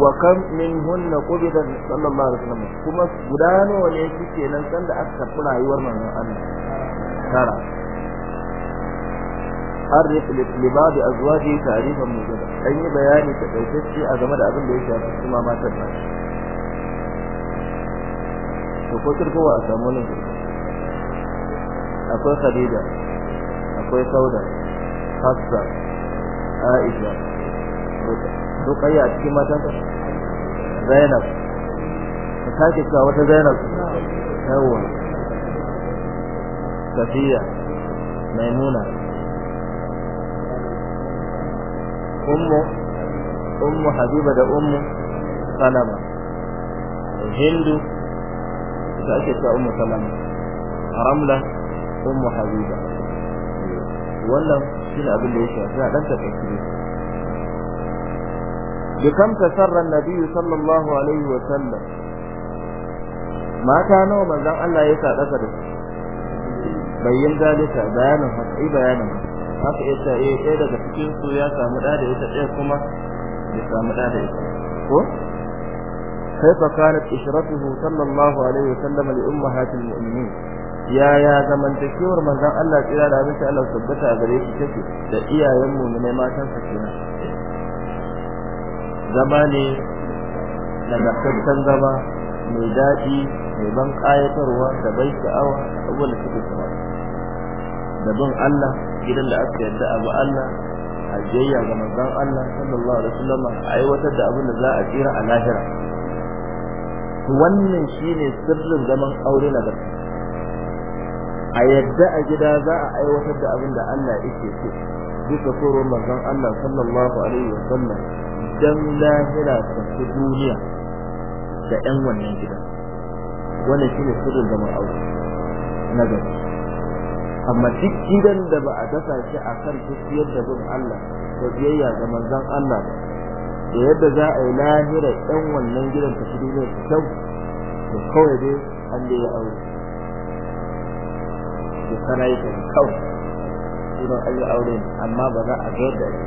wa kam minhunna qubidat sallallahu alaihi wasallam kuma guda nawa ne suke nan san aka karɓi rayuwar manzon Allah tara arif libadi azwaji ta'rifan mujada an yi bayani ta daukacce a game da abin da ya shafi kuma matan ba to a samu akwai akwai sauda hafsa Aisha Ruqayya a cikin matan Zainab ka sake cewa wata Zainab yawa Safiya Maimuna Ummu Ummu Habiba da Ummu Salama Hindu ita ake cewa Ummu Salama Ramla Ummu Habiba wannan shine abin da ya shafi a dan takaice kam tasarra annabi sallallahu alaihi wa sallam mata nawa manzon Allah ya sadaka da bayyin dalika bayanin haƙi bayanin haka ita eh ɗaya daga cikin su ya samu da da ita ɗaya kuma ya samu da da ita ko كيف كانت إشرته صلى الله عليه وسلم لأمهات المؤمنين yaya zamantakewar manzon Allah tsira da abinci Allah tabbata gare shi take da iyayen mu ne matan sa kenan zama ne nagartaccen zama mai daɗi mai ban ƙayatarwa da bai sha'awa abubuwan da suke sama da bin Allah gidan da aka yarda abu Allah ajiyayya ga manzon Allah sallallahu alaihi wasallam aiwatar da abin da za a tsira a lahira wannan shine sirrin zaman aure na gaskiya a yadda a gida za a aiwatar da abin da Allah yake so duka koro manzon Allah sallallahu alaihi wa sallam dan lahira ta duniya da ɗan wannan gida wannan ne sirrin zaman aure na gari amma duk gidan da ba a dasa shi a kan tafiyar da bin Allah da biyayya ga manzon Allah da yadda za a yi lahira ɗan wannan gidan ta duniya ta kyau to kawai dai an da ya aure ke sana yake kawai sunan an yi aure amma ba za a da yadda ake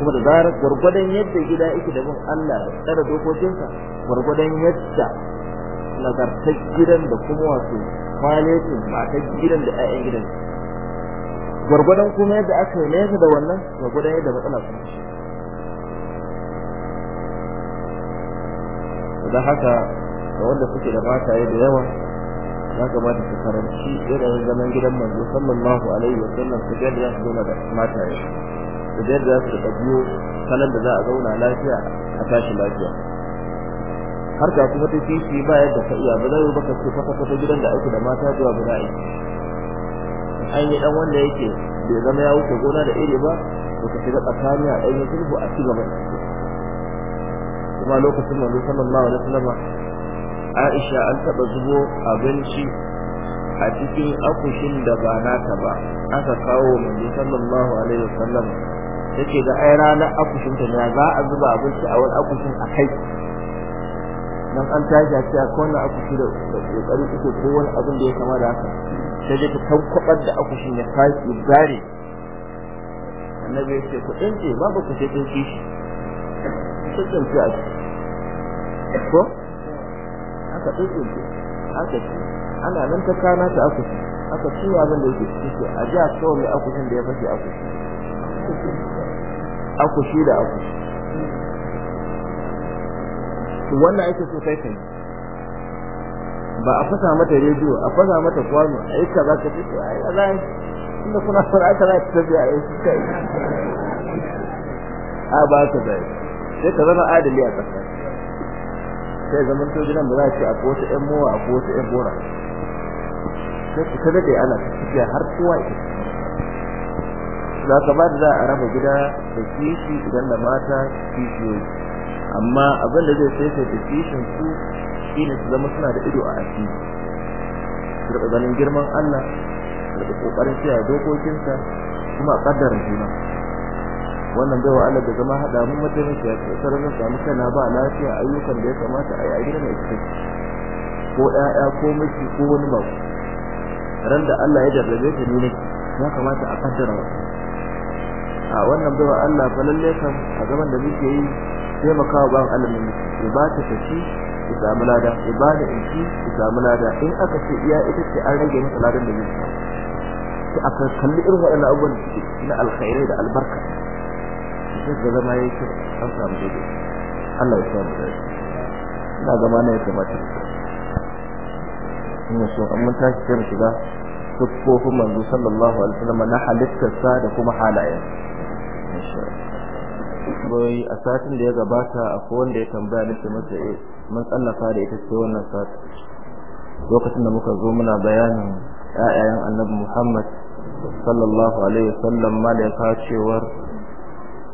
kuma da zarar gwargwadon yadda gida yake da bin Allah da tsara dokokinsa gwargwadon yadda nagartar gidan da kuma wato kwaletin matar gidan da 'ya'yan gidan gwargwadon kuma yadda aka yi nesa da wannan gwargwadon yadda matsala kuma shi da haka da wanda suke da mataye da yawa ya kamata su karanci irin zaman gidan manzo sallallahu alaihi wa sallam su ga da su da mata ya su ga da su da biyo kalan da za a zauna lafiya a tashi lafiya har ka kuma ta shi ba yadda ka iya ba zai baka ce kwata kwata gidan da ake da mata zuwa guda aiki an yi dan wanda yake bai zama ya wuce gona da iri ba to ka shiga tsakani a ɗanyen sulhu a ci gaba kuma lokacin manzo sallallahu alaihi wa sallam aisha an taɓa zubo abinci a cikin akushin da ba nata ba aka kawo manzo sallallahu alaihi wasallam take da ai ranar akushin ta ne za a zuba abinci a wani akushin a kai nan an tashi a ce akwai wani akushi da kokari uku ko wani abin da ya kama da haka sai dai ta tankwabar da akushin ya fashi gare annabi ya ce kuɗin ce babu ku sai tsinci shi tsince a ko aka tsintsince aka ci ana nan ta kana ta aka ci aka ci abin da yake ciki a ji a kawo mai akushin da ya fashe akushi akushi da akushi to wannan ake so kai kai ba a fasa mata rediyo a fasa mata kwano a yi kaza ka fito a yi kaza inda kuna son aka za ta tafiya a yi su kai a ba ta zai sai ka zama adali a tsakani sai zaman to gidan ba za ce akwai wata ɗan mowa akwai wata ɗan bora sai ku kada dai ana cikin har kowa ya za ka ba da za a raba gida da kishi idan da mata kishiyoyi amma abin da zai sai sai da kishin su shi ne su zama suna da ido a asiri su rika ganin girman Allah su rika kokarin kiyaye dokokinsa kuma a kaddarin juna wannan bai wa Allah da zama hada mun mutane da sararin samu kana ba lafiya ayyukan da ya kamata a yi a gidan ita ko ɗaya ko miki ko wani babu. ran da Allah ya jarrabe ta ne ya kamata a kaddara a wannan bai wa Allah fa lalle kan a zaman da muke yi taimakawa ban Allah ne ya ba ta tafi ki samu lada ya ba da inki ki samu lada in aka ce iya ita ce an rage masa ladan da yake sai aka kalli irin waɗannan abubuwan da suke na alkhairai da albarka yadda zama ya yi an samu daidai Allah ya samu daidai ina zama na ya kamata ina so an mun tashi kai mu shiga siffofin manzo sallallahu alaihi wasallam na halittarsa da kuma halayen boyi a satin da ya gabata akwai wanda ya tambaya nake masa eh mun tsallaka da ita ce wannan satin lokacin da muka zo muna bayanin 'ya'yan Annabi Muhammad sallallahu alaihi wasallam ma da ya kawo cewar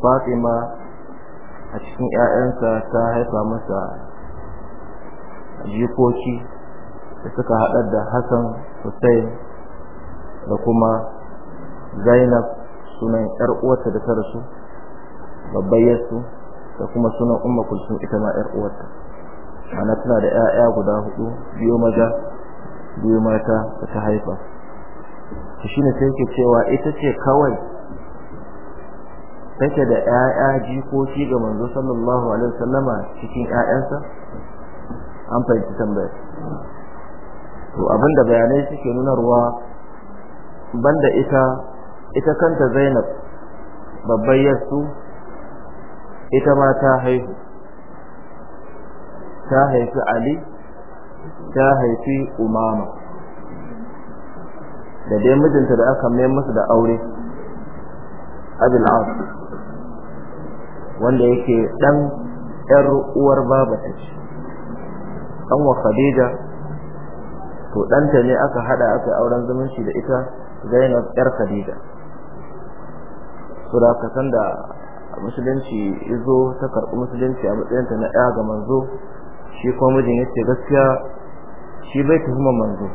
fatima a cikin 'ya'yansa ta haifa masa jikoki da suka haɗar da hassan hussein da kuma zainab sunan 'yar uwarta da ta rasu babbayyarsu da kuma sunan umma ita ma 'yar uwarta ana tana da 'ya'ya guda hudu biyu maza biyu mata da ta haifa shi ne sai ke cewa ita ce kawai take da ƴaƴa jikoki ga manzo sallallahu alaihi wasallama cikin ƴaƴansa an fahimci tambayar to abinda bayanai suke nunarwa banda ita ita kanta Zainab babbar yarsu ita ma ta haihu ta haifi Ali ta haifi Umama da dai mijinta da aka mai masa da aure abin As wanda yake dan yar uwar baba ta ce an wa khadija to danta ne aka hada aka auren zumunci da ita zainab yar khadija sura ka san da musulunci izo ta karɓi musulunci a matsayin ta na ɗaya ga manzo shi kuma mijin yace gaskiya shi bai tuhuma manzo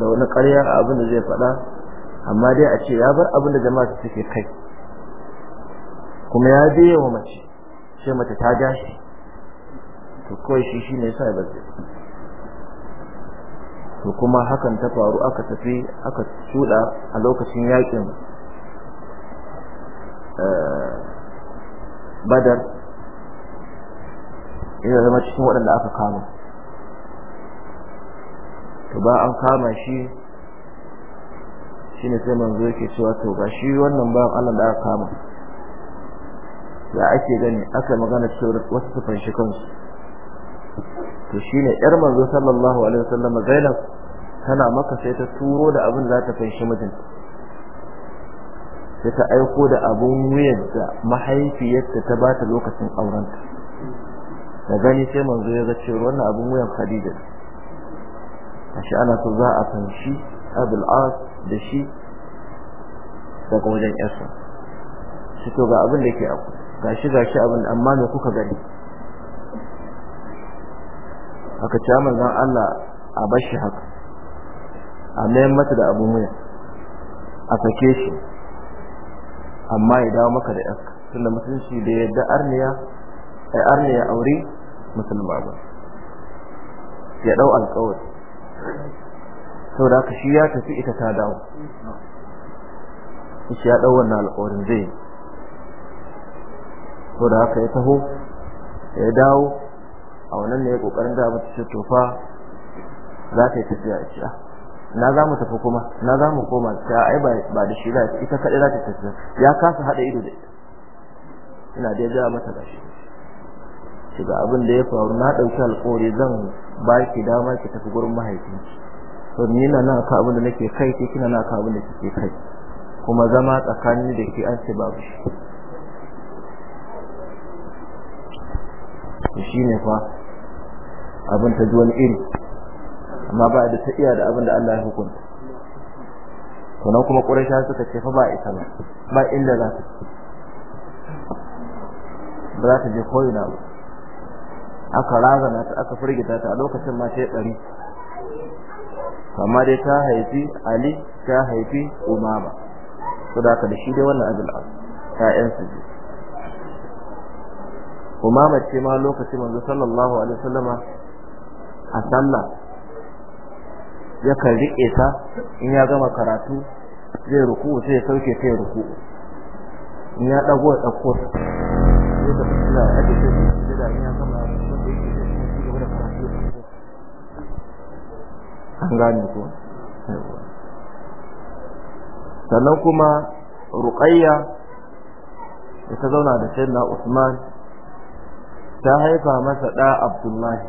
da wani ƙarya a abin da zai faɗa amma dai a ce ya bar abin da jama'a suke kai kuma ya je wa mace sai mace ta ja shi to kawai shi shi ne ba to kuma hakan ta faru aka tafi aka tsuda a lokacin yakin eh, badar ina zama cikin waɗanda aka kama to ba an kama shi shine sai manzo yake cewa to ba shi wannan ba Allah da aka kama da ake gani aka magana cewa wasu su fanshi kansu to shine yar manzo sallallahu alaihi wasallam Zainab tana maka sai ta turo da abin za ta fanshi mijinta sai ta aiko da abun wuyar da mahaifiyarta ta ba ta lokacin aurenta da gani sai manzo ya ga cewa wannan abun wuyan Khadija ashi ana so za a fanshi Abul As da shi daga wajen yarsa shi to ga abin da yake akwai gashi gashi abin amma me kuka gani aka ce manzon Allah a bashi haka a mayan mata da abu wuya a sake shi amma ya dawo maka da yarka tunda mutunci da yadda arniya ai arniya aure musulma ba ya dau alƙawari saboda haka shi ya tafi ita ta dawo shi ya dau wannan alƙawarin zai saboda da haka ya taho ya dawo a wannan ne ya kokarin da mata ce tofa za ta yi tafiya a ciya na za mu tafi kuma na za mu koma ta ai ba da shi za ta ita kaɗai za ta tafiya ya kasa haɗa ido da ina da ya gaya mata da shi shiga abin da ya faru na ɗauki alƙawari zan ba ki dama ki tafi gurin mahaifinki to ni na na ka abin da nake kai ki kina na ka abin da kike kai kuma zama tsakanin da ke an ce babu shi to ne fa abin ta ji wani iri amma ba da ta iya da abin da Allah ya hukunta to nan kuma quraisha suka ce fa ba ita ba ba inda za ta ba za ta je koyi na ba aka na ta aka firgita ta a lokacin ma yi ɗari amma dai ta haifi ali ta haifi umama da haka da shi dai wannan abin ta'yansu su umama ce ma lokacin manzo sallallahu alaihi wasallama a sallah ya rike ta in ya gama karatu zai ruku sai ya sauke sai ya ruku in ya dago ya dauko ta zai ta a jikin da in ya gama an gane ko sannan kuma ruqayya da ta zauna da sayyidina Usman ta haifa masa ɗa abdullahi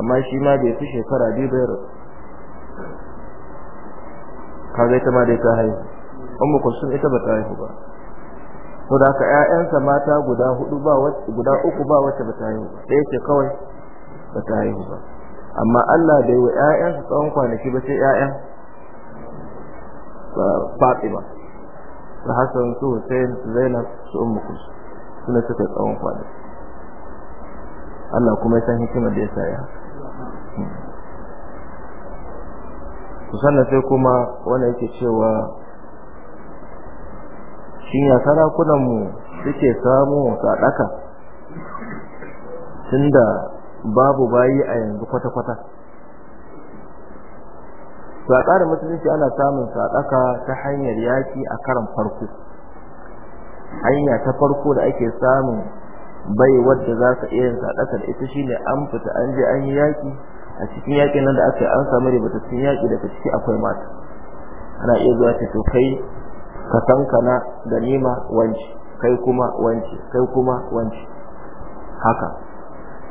amma shi ma bai fi shekara biyu bai rasu kaga ita ma dai ta haihu ummu kulsum ita ba ta haihu ba to da ka ƴaƴansa mata guda hudu ba wacce guda uku ba wacce ba ta haihu ba sai ce kawai ba ta haihu ba amma Allah bai wa ƴaƴansa tsawon kwanaki ba sai ƴaƴan Fatima da Hassan su Hussein Zainab su Ummu Kulsum suna suka tsawon kwanaki Allah kuma ya san hikimar da ya sa ya to sannan sai kuma wanda yake cewa shin ya sarakunan mu suke samu sadaka tunda babu bayi a yanzu kwata-kwata to a tsarin musulunci ana samun sadaka ta hanyar yaki a karan farko hanya ta farko da ake samun bai wadda za ka iya sadaka da ita ne an fita an je an yi yaƙi a cikin yaƙin nan da aka yi an samu cikin yaƙi daga ciki akwai mata ana iya zuwa ce to kai ka san kana ganima wanci kai kuma wanci kai kuma wanci haka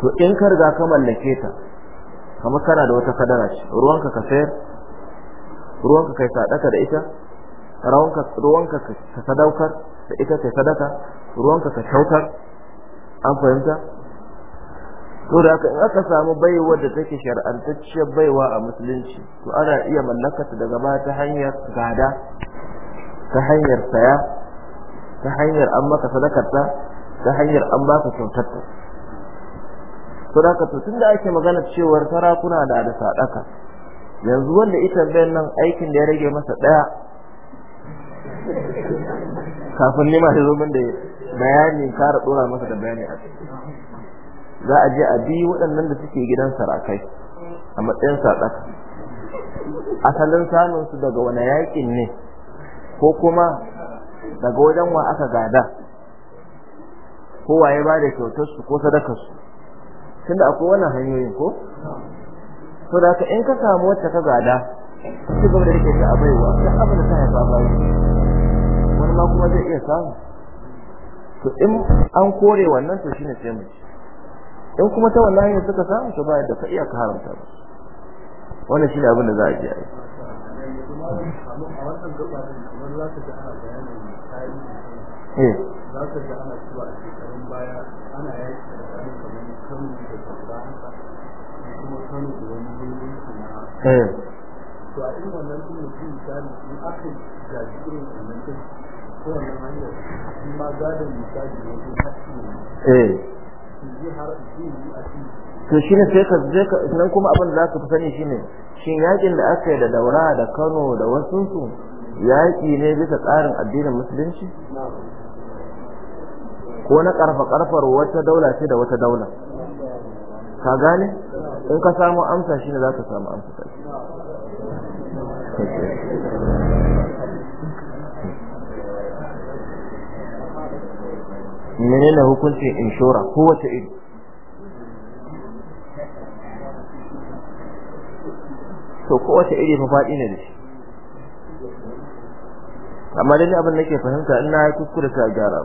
to in ka riga ka mallake ta kamar kana da wata kadara ce ruwanka ka sayar ruwanka kai sadaka da ita ruwanka ka sadaukar da ita kai sadaka ruwanka ka kyautar an fahimta to da haka in aka samu baiwa da take shar'antacciyar baiwa a musulunci to ana iya mallakata daga ba ta hanyar gada ta hanyar saya ta hanyar an maka sadakar ta hanyar an baka ta to da haka to tunda ake magana cewar sarakuna da da sadaka yanzu wanda ita bayan nan aikin da ya rage masa daya kafin nima da zo min da bayani kara dora masa da bayani a za a je a bi waɗannan da suke gidan sarakai a matsayin sadar asalin samun su daga wani yakin ne ko kuma daga wajen wa aka gada ko waye ba da kyautar su ko sadakar su tunda akwai wannan hanyoyin ko to da in ka samu wacce ka gada ci gaba da rike ta a baiwa duk abin da ta haifa ba wani ma kuma zai iya samu to in an kore wannan to shine sai mu in kuma ta wallahi ne suka samu to ba da ka iya ka ba wannan shine abin da za a ji ai eh za ka ga ana a shekarun baya ana yaki tsakanin kamar kanu da haka kuma to a irin wannan in aka gaji irin wannan din hanyar ma gadon misali ne ko eh to shine sai ka je ka nan kuma abin da zaka fi sani shine shin yakin da aka yi da daura da Kano da wasu su yaki ne bisa tsarin addinin musulunci ko na karfa karfar wata daula ce da wata daula ka gane in ka samu amsa shine zaka samu amsa menene hukuncin inshora wace iri to ko wace iri fa faɗi ne da shi amma dai abin da ke fahimta in na kuskure ta gyara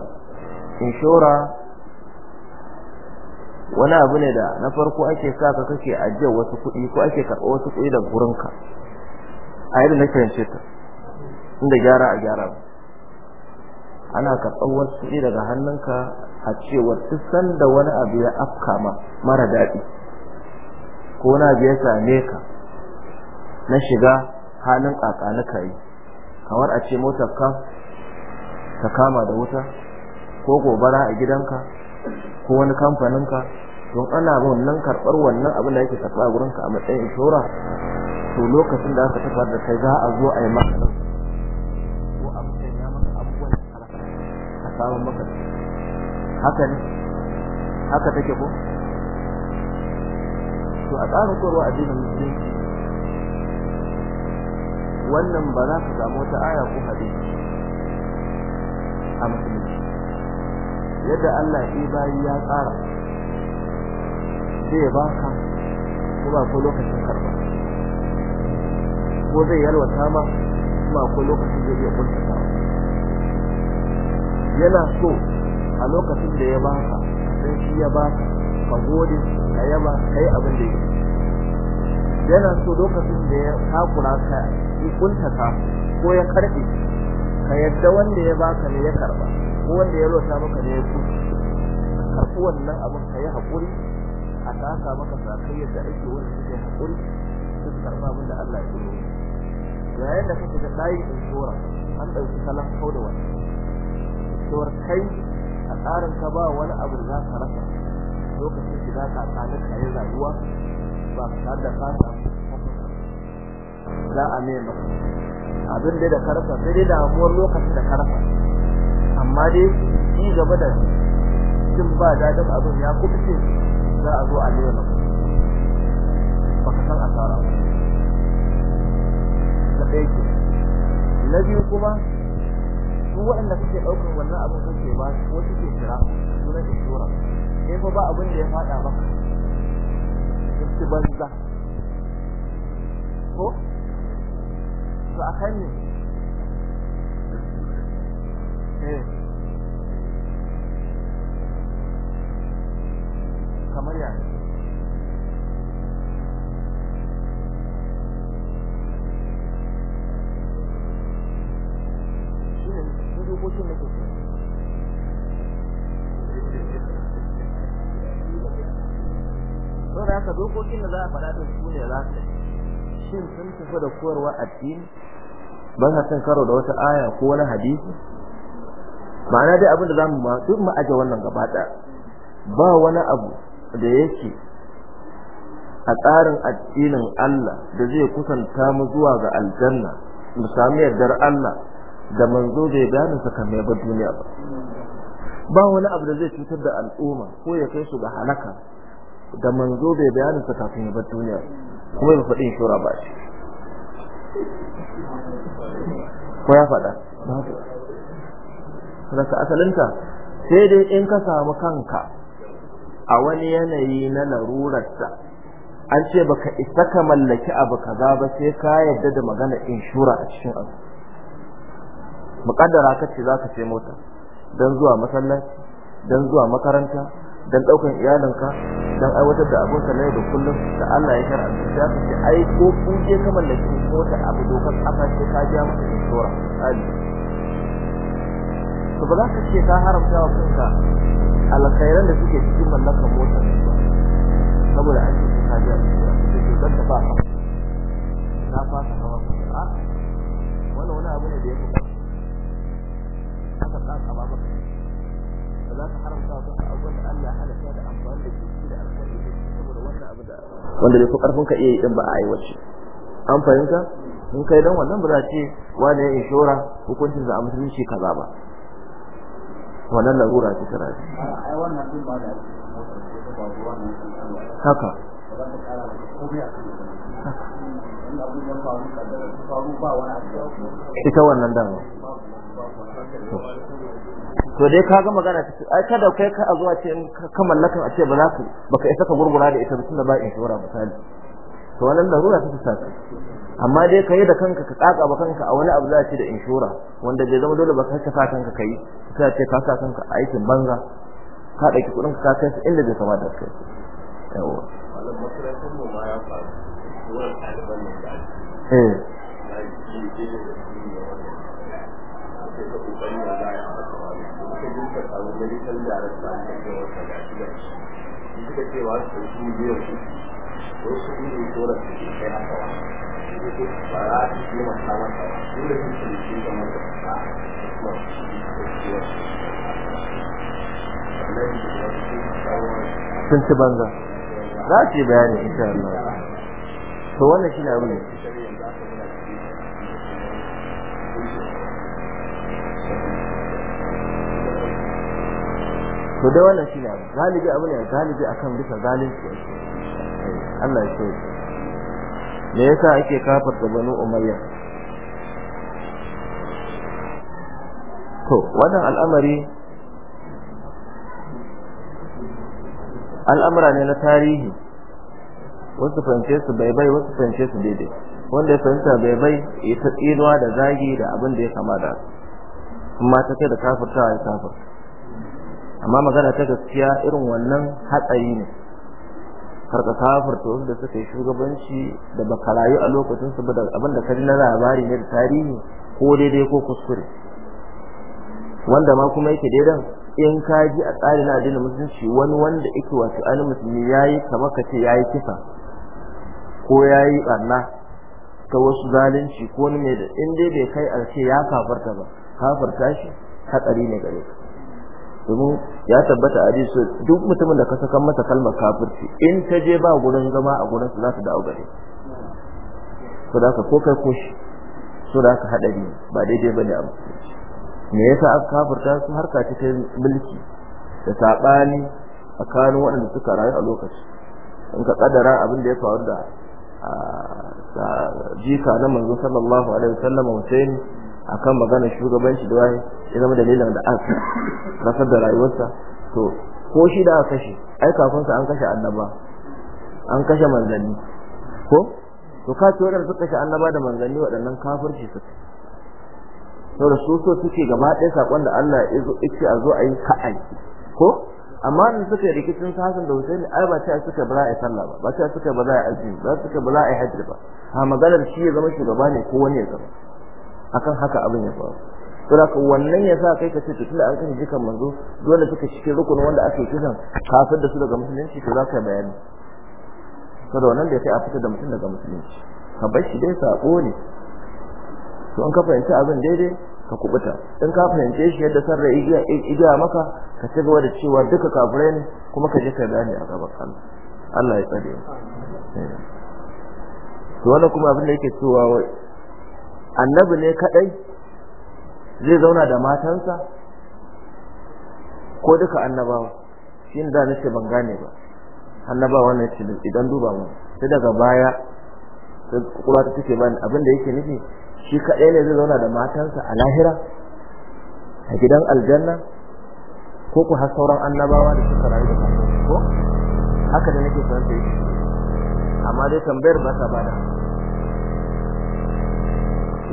inshora wani abu ne da na farko ake sa ka kake ajiye wasu kuɗi ko ake karɓa wasu kuɗi da gurinka a yadda na fahimce ta inda gyara a gyara ba ana karɓar wasu kuɗi daga hannunka a cewar duk sanda wani abu ya afka ma mara daɗi ko na abu same ka na shiga halin ƙaƙanuka yi kamar a ce motarka ta kama da wuta ko gobara a gidanka ko wani kamfaninka don ana wannan karɓar wannan abin da yake karɓa gurinka a matsayin shora to lokacin da aka tafar da kai za a zo a yi maka samu maka haka ne haka take ko to a tsarin korwa addinin musulunci wannan ba za ka samu ta aya ko hadisi a musulunci yadda Allah ya bayi ya tsara zai baka ko ba ko lokacin karba ko zai yalwata ma kuma ko lokacin zai iya kuntata yana so a lokacin da ya baka sai shi ya baka ka gode ka yaba ka yi abin da yake yana so lokacin da ya takura ka yi kuntaka ko ya karfe ka yadda wanda ya baka ne ya karba ko wanda ya rota maka ne ya ku karfi wannan abin ka yi haƙuri a taka maka sakai yadda ake wani suke haƙuri duk karɓa abin da Allah ya yi yayin da kake da in tsora an ɗauki salon kau da wani kasancewar kai a tsarin ka ba wani abu za ka rasa lokacin shiga za ka yi rayuwa ba ka tare da fata za a mai abin da ka rasa sai dai damuwar lokacin da ka rasa amma dai ci gaba da jin ba dadin abin ya kubuce za a zo a mai ba ka san asara ba na biyu kuma su waɗanda suke ɗaukar wannan abin sun ke ba ko suke kira da inshora sai ko ba abin da ya faɗa ba suke banza ko su a kan ne eh. kamar yana sun tafi da koyarwa addini ba sa san karo da wata aya ko wani hadisi ma'ana dai abin da zamu ma duk mu aje wannan gaba ba wani abu da yake a tsarin addinin Allah da zai kusanta mu zuwa ga aljanna mu sami yardar Allah da manzo bai gane saka mai ba duniya ba ba wani abu da zai cutar da al'umma ko ya kai su ga halaka da manzo bai bayanin sa kafin ya duniya kuma ya faɗi shura ba shi ko ya faɗa ka asalinta sai dai in ka samu kanka a wani yanayi na larurarsa an ce baka isa ka mallaki abu kaza ba sai ka yarda da magana inshura a cikin abu muƙaddara ka ce za ka ce mota don zuwa masallaci don zuwa makaranta dan daukan iyalinka dan aiwatar da abun ka ne da kullum da Allah ya karanta da shi ai ko ku je ka mallaki mota abu dokar kafa ce ka ja maka tsora ali to ba za ka ce ka haramta wa kanka alkhairan da suke cikin mallakar mota saboda an ce ka ja maka dan ta ba ka na fasa hawa a wannan wani abu ne da ya fi ka ka ba maka za ka wa Allah da amfani da da wanda bai ko karfin ka iya yi din ba a aiwace an fahimta in kai dan wannan ba za ce wani ya shora hukuncin za a musulunci kaza ba wannan larura ce ta rayu haka ita wannan dama to dai ka ga magana ta ce ai kada kai ka a zuwa ce ka mallaka a ce ba za ka baka isa ka gurgura da ita tunda ba inshora misali to wannan ruwa ta tsaka amma dai kai da kanka ka tsaka ba kanka a wani abu za ce da inshora wanda bai zama dole ba ka saka kanka kai sai ce ka saka kanka aikin banza ka dauki kudin ka kai inda bai kamata kai yawa wannan makarantar mu ma ya faru wannan ɗaliban nan da eh majalisar jarabta a cikin wata da in suka ce wa su su biyar su ko su ne tsoron su ke kai haka wa su ke wa su da su da ta kuma su ke wa su su wannan shi ne abin da to da wannan shine abu galibi abu ne galibi akan bisa zalunci eh, Allah ya ce me yasa ake da banu umayya to wannan al'amari al'amura ne na tarihi wasu fahimce su bai bai wasu fahimce su daidai wanda ya fahimta bai bai ya ta tsinuwa da zagi da abin da ya kama da amma ta kai da kafurtawa ya kafurta amma magana ta gaskiya irin wannan hatsari ne karka kafirta wanda suka yi shugabanci da baka rayu a lokacin su ba da abin da ka ji na labari ne da tarihi ko daidai ko kuskure wanda ma kuma yake daidan in ka ji a tsarin addinin musulunci wani wanda yake wasu ainihin musulmi yi kama ka ce ya yi kisa ko ya yi barna ta wasu zalunci ko ne da in dai bai kai a ce ya kafarta ba kafarta shi hatsari ne gare ka domin ya tabbata a hadisi duk mutumin da ka saka masa kalmar kafirci in ta je ba gurin zama a gurin su za su dawo gare su da ka kokar kai ko shi so da ka hadari ba daidai ne a musulunci me yasa aka kafirta su harka ta ta mulki da sabani tsakanin waɗanda suka rayu a lokaci in ka kadara abin da ya faru da jika na manzo sallallahu alaihi wasallam Hussein akan magana shugabanci da waye ya zama dalilin da aka rasar da rayuwarsa to ko shi da aka kashe ai kafin sa an kashe annaba an kashe manzanni ko to ka ce wadanda suka kashe annaba da manzanni waɗannan kafirci suka da su so suke gaba ɗaya saƙon da Allah ya zo ce a zo a yi ka aiki ko amma da suka yi rikicin tasin da Hussein ai ba ta suka ba ai sallah ba ba ta suka ba ai a azumi ba suka ba ai a hajji ba ha maganar shi ya zama shugaba ne ko wani ya zama akan haka abin ya faru to da wannan ya sa kai ka ce tutula an kashe jikan manzo dole suka cikin rukun wanda ake kisan kafir da su daga musulunci to za ka bayani saboda wannan da ya kai a fita da mutum daga musulunci ka bar shi dai sako ne to an ka fahimci abin daidai ka kubuta in ka fahimce shi yadda sarra igiya igiya maka ka ci gaba da cewa duka kafirai ne kuma ka je ka bayani a gaban Allah Allah ya tsare eh. to wannan kuma abin da yake cewa annabi ne kadai zai zauna da matansa ko duka annabawa shi da nace ban gane ba annabawa ne ce idan duba mu sai daga baya sai ta take bani abin da yake nufi shi kadai ne zai zauna da matansa a lahira a gidan aljanna ko ku har sauran annabawa da suka rayu da ko haka da nake son sai amma dai tambayar ba ta bada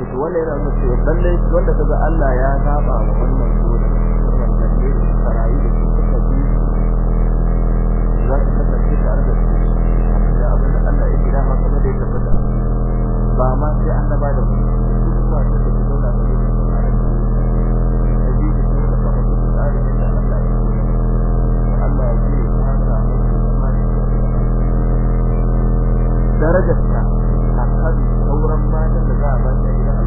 ce to wannan yana nuna cewa lallai wanda kaga Allah ya saba wa wannan dole wannan ne sarayi da suka bi za su kasance tare abin da Allah ya gida da ya tabbata ba ma sai da su ba su da su da su darajarta a kan sauran matan da za a bayyana idan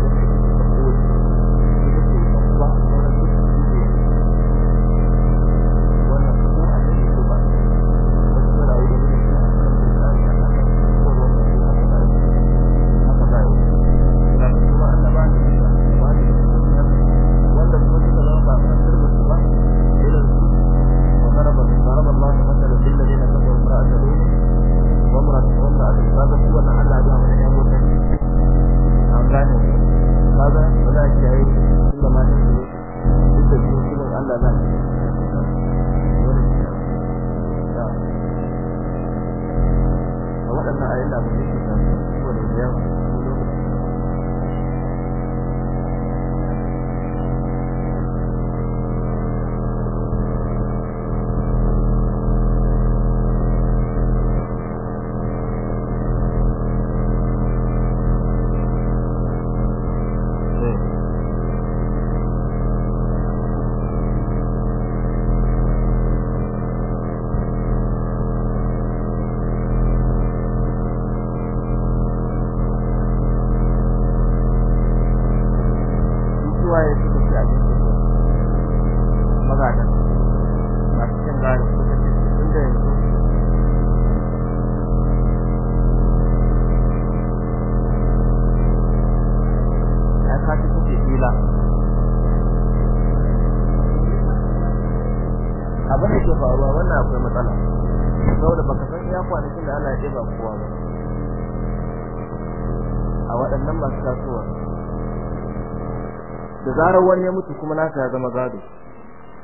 zarar wani ya mutu kuma nasa ya zama gado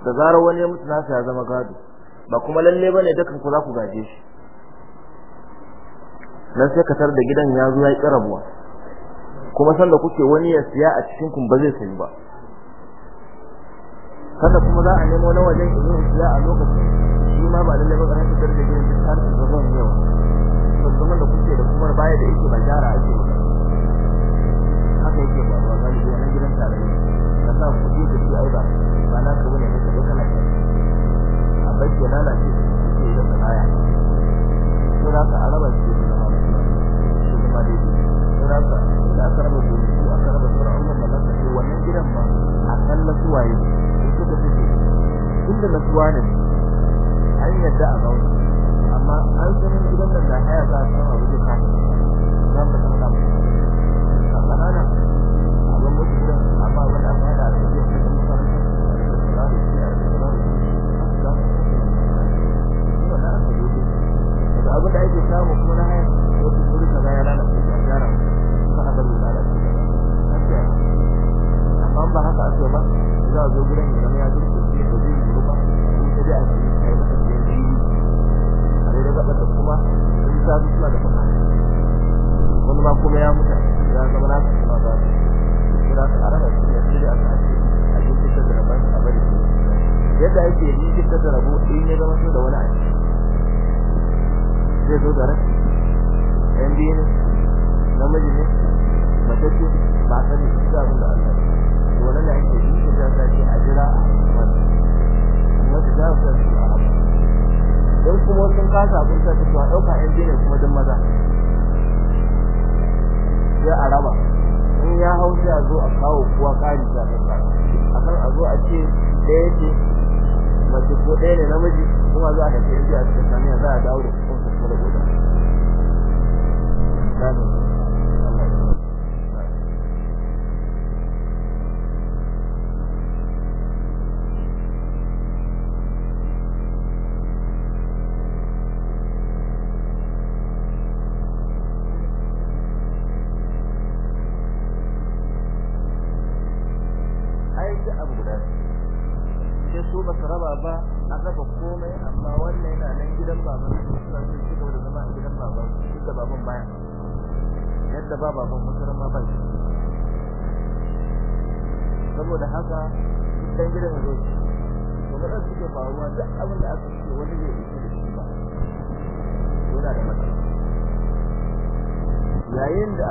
da zarar wani ya mutu nasa ya zama gado ba kuma lalle bane dukan ku za ku gaje shi nan sai ka tar da gidan ya zo ya karabuwa kuma kuma sanda kuke wani ya siya a cikin kun ba zai sayi ba Kada kuma za a nemo na wajen yi siya a lokacin shi ma ba lalle ba ƙarfin fitar da gidan tar da su zama yawa kuma da kuke da kuma baya da yake ba gyara ake ba haka yake ba ba galibi na gidan tarayya sa kuɗi da shi ai ba ba na ka wani ka kaɗe kana shi a bai ke shi suke da sanaya sai za ka araba shi da zama da shi da ma daidai sai za ka da aka raba gonaki aka raba sauran abubuwan da lasa ce wannan gidan ma a kan lasuwa yi su ka suke inda lasuwa ne an yadda a zauna amma an san gidan da na haya za a san abu da kafin za mu san samu a ƙananan da abin da ake samu kuma na haya ko kuskure ka ga ya lalace ka gyara ka ga bari lalace amma ba haka ake ba za a zo gurin ya zama ya jirgin shi da zai yi ba in ka ji a cikin kai masa biyan shi a daidai gaba da kuma sun sabu suna da fama wani ma kuma ya mutu ya zama na su kuma ba su da a rana su ne sai da aka ake a jirgin da a bari yadda ake yi jirgin da rabo in ya zo da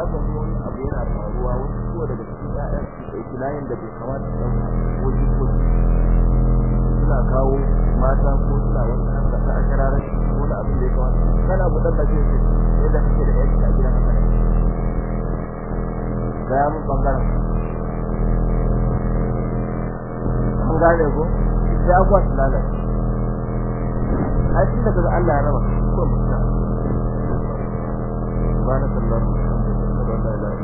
aka zo wani abu yana faruwa wasu kowa daga cikin ƴaƴan su ɗauki layin da bai kamata su ɗauka ko jikoki suna kawo mata ko suna wani an da ta kira rashi ko da abin da ya kamata kana buɗar da ke yadda kake da ƴaƴan a gidan haka gaya mun bangaren Mun gane ko sai akwa tunanin ai tun daga Allah ya raba ko mutum subhanakallah لا لا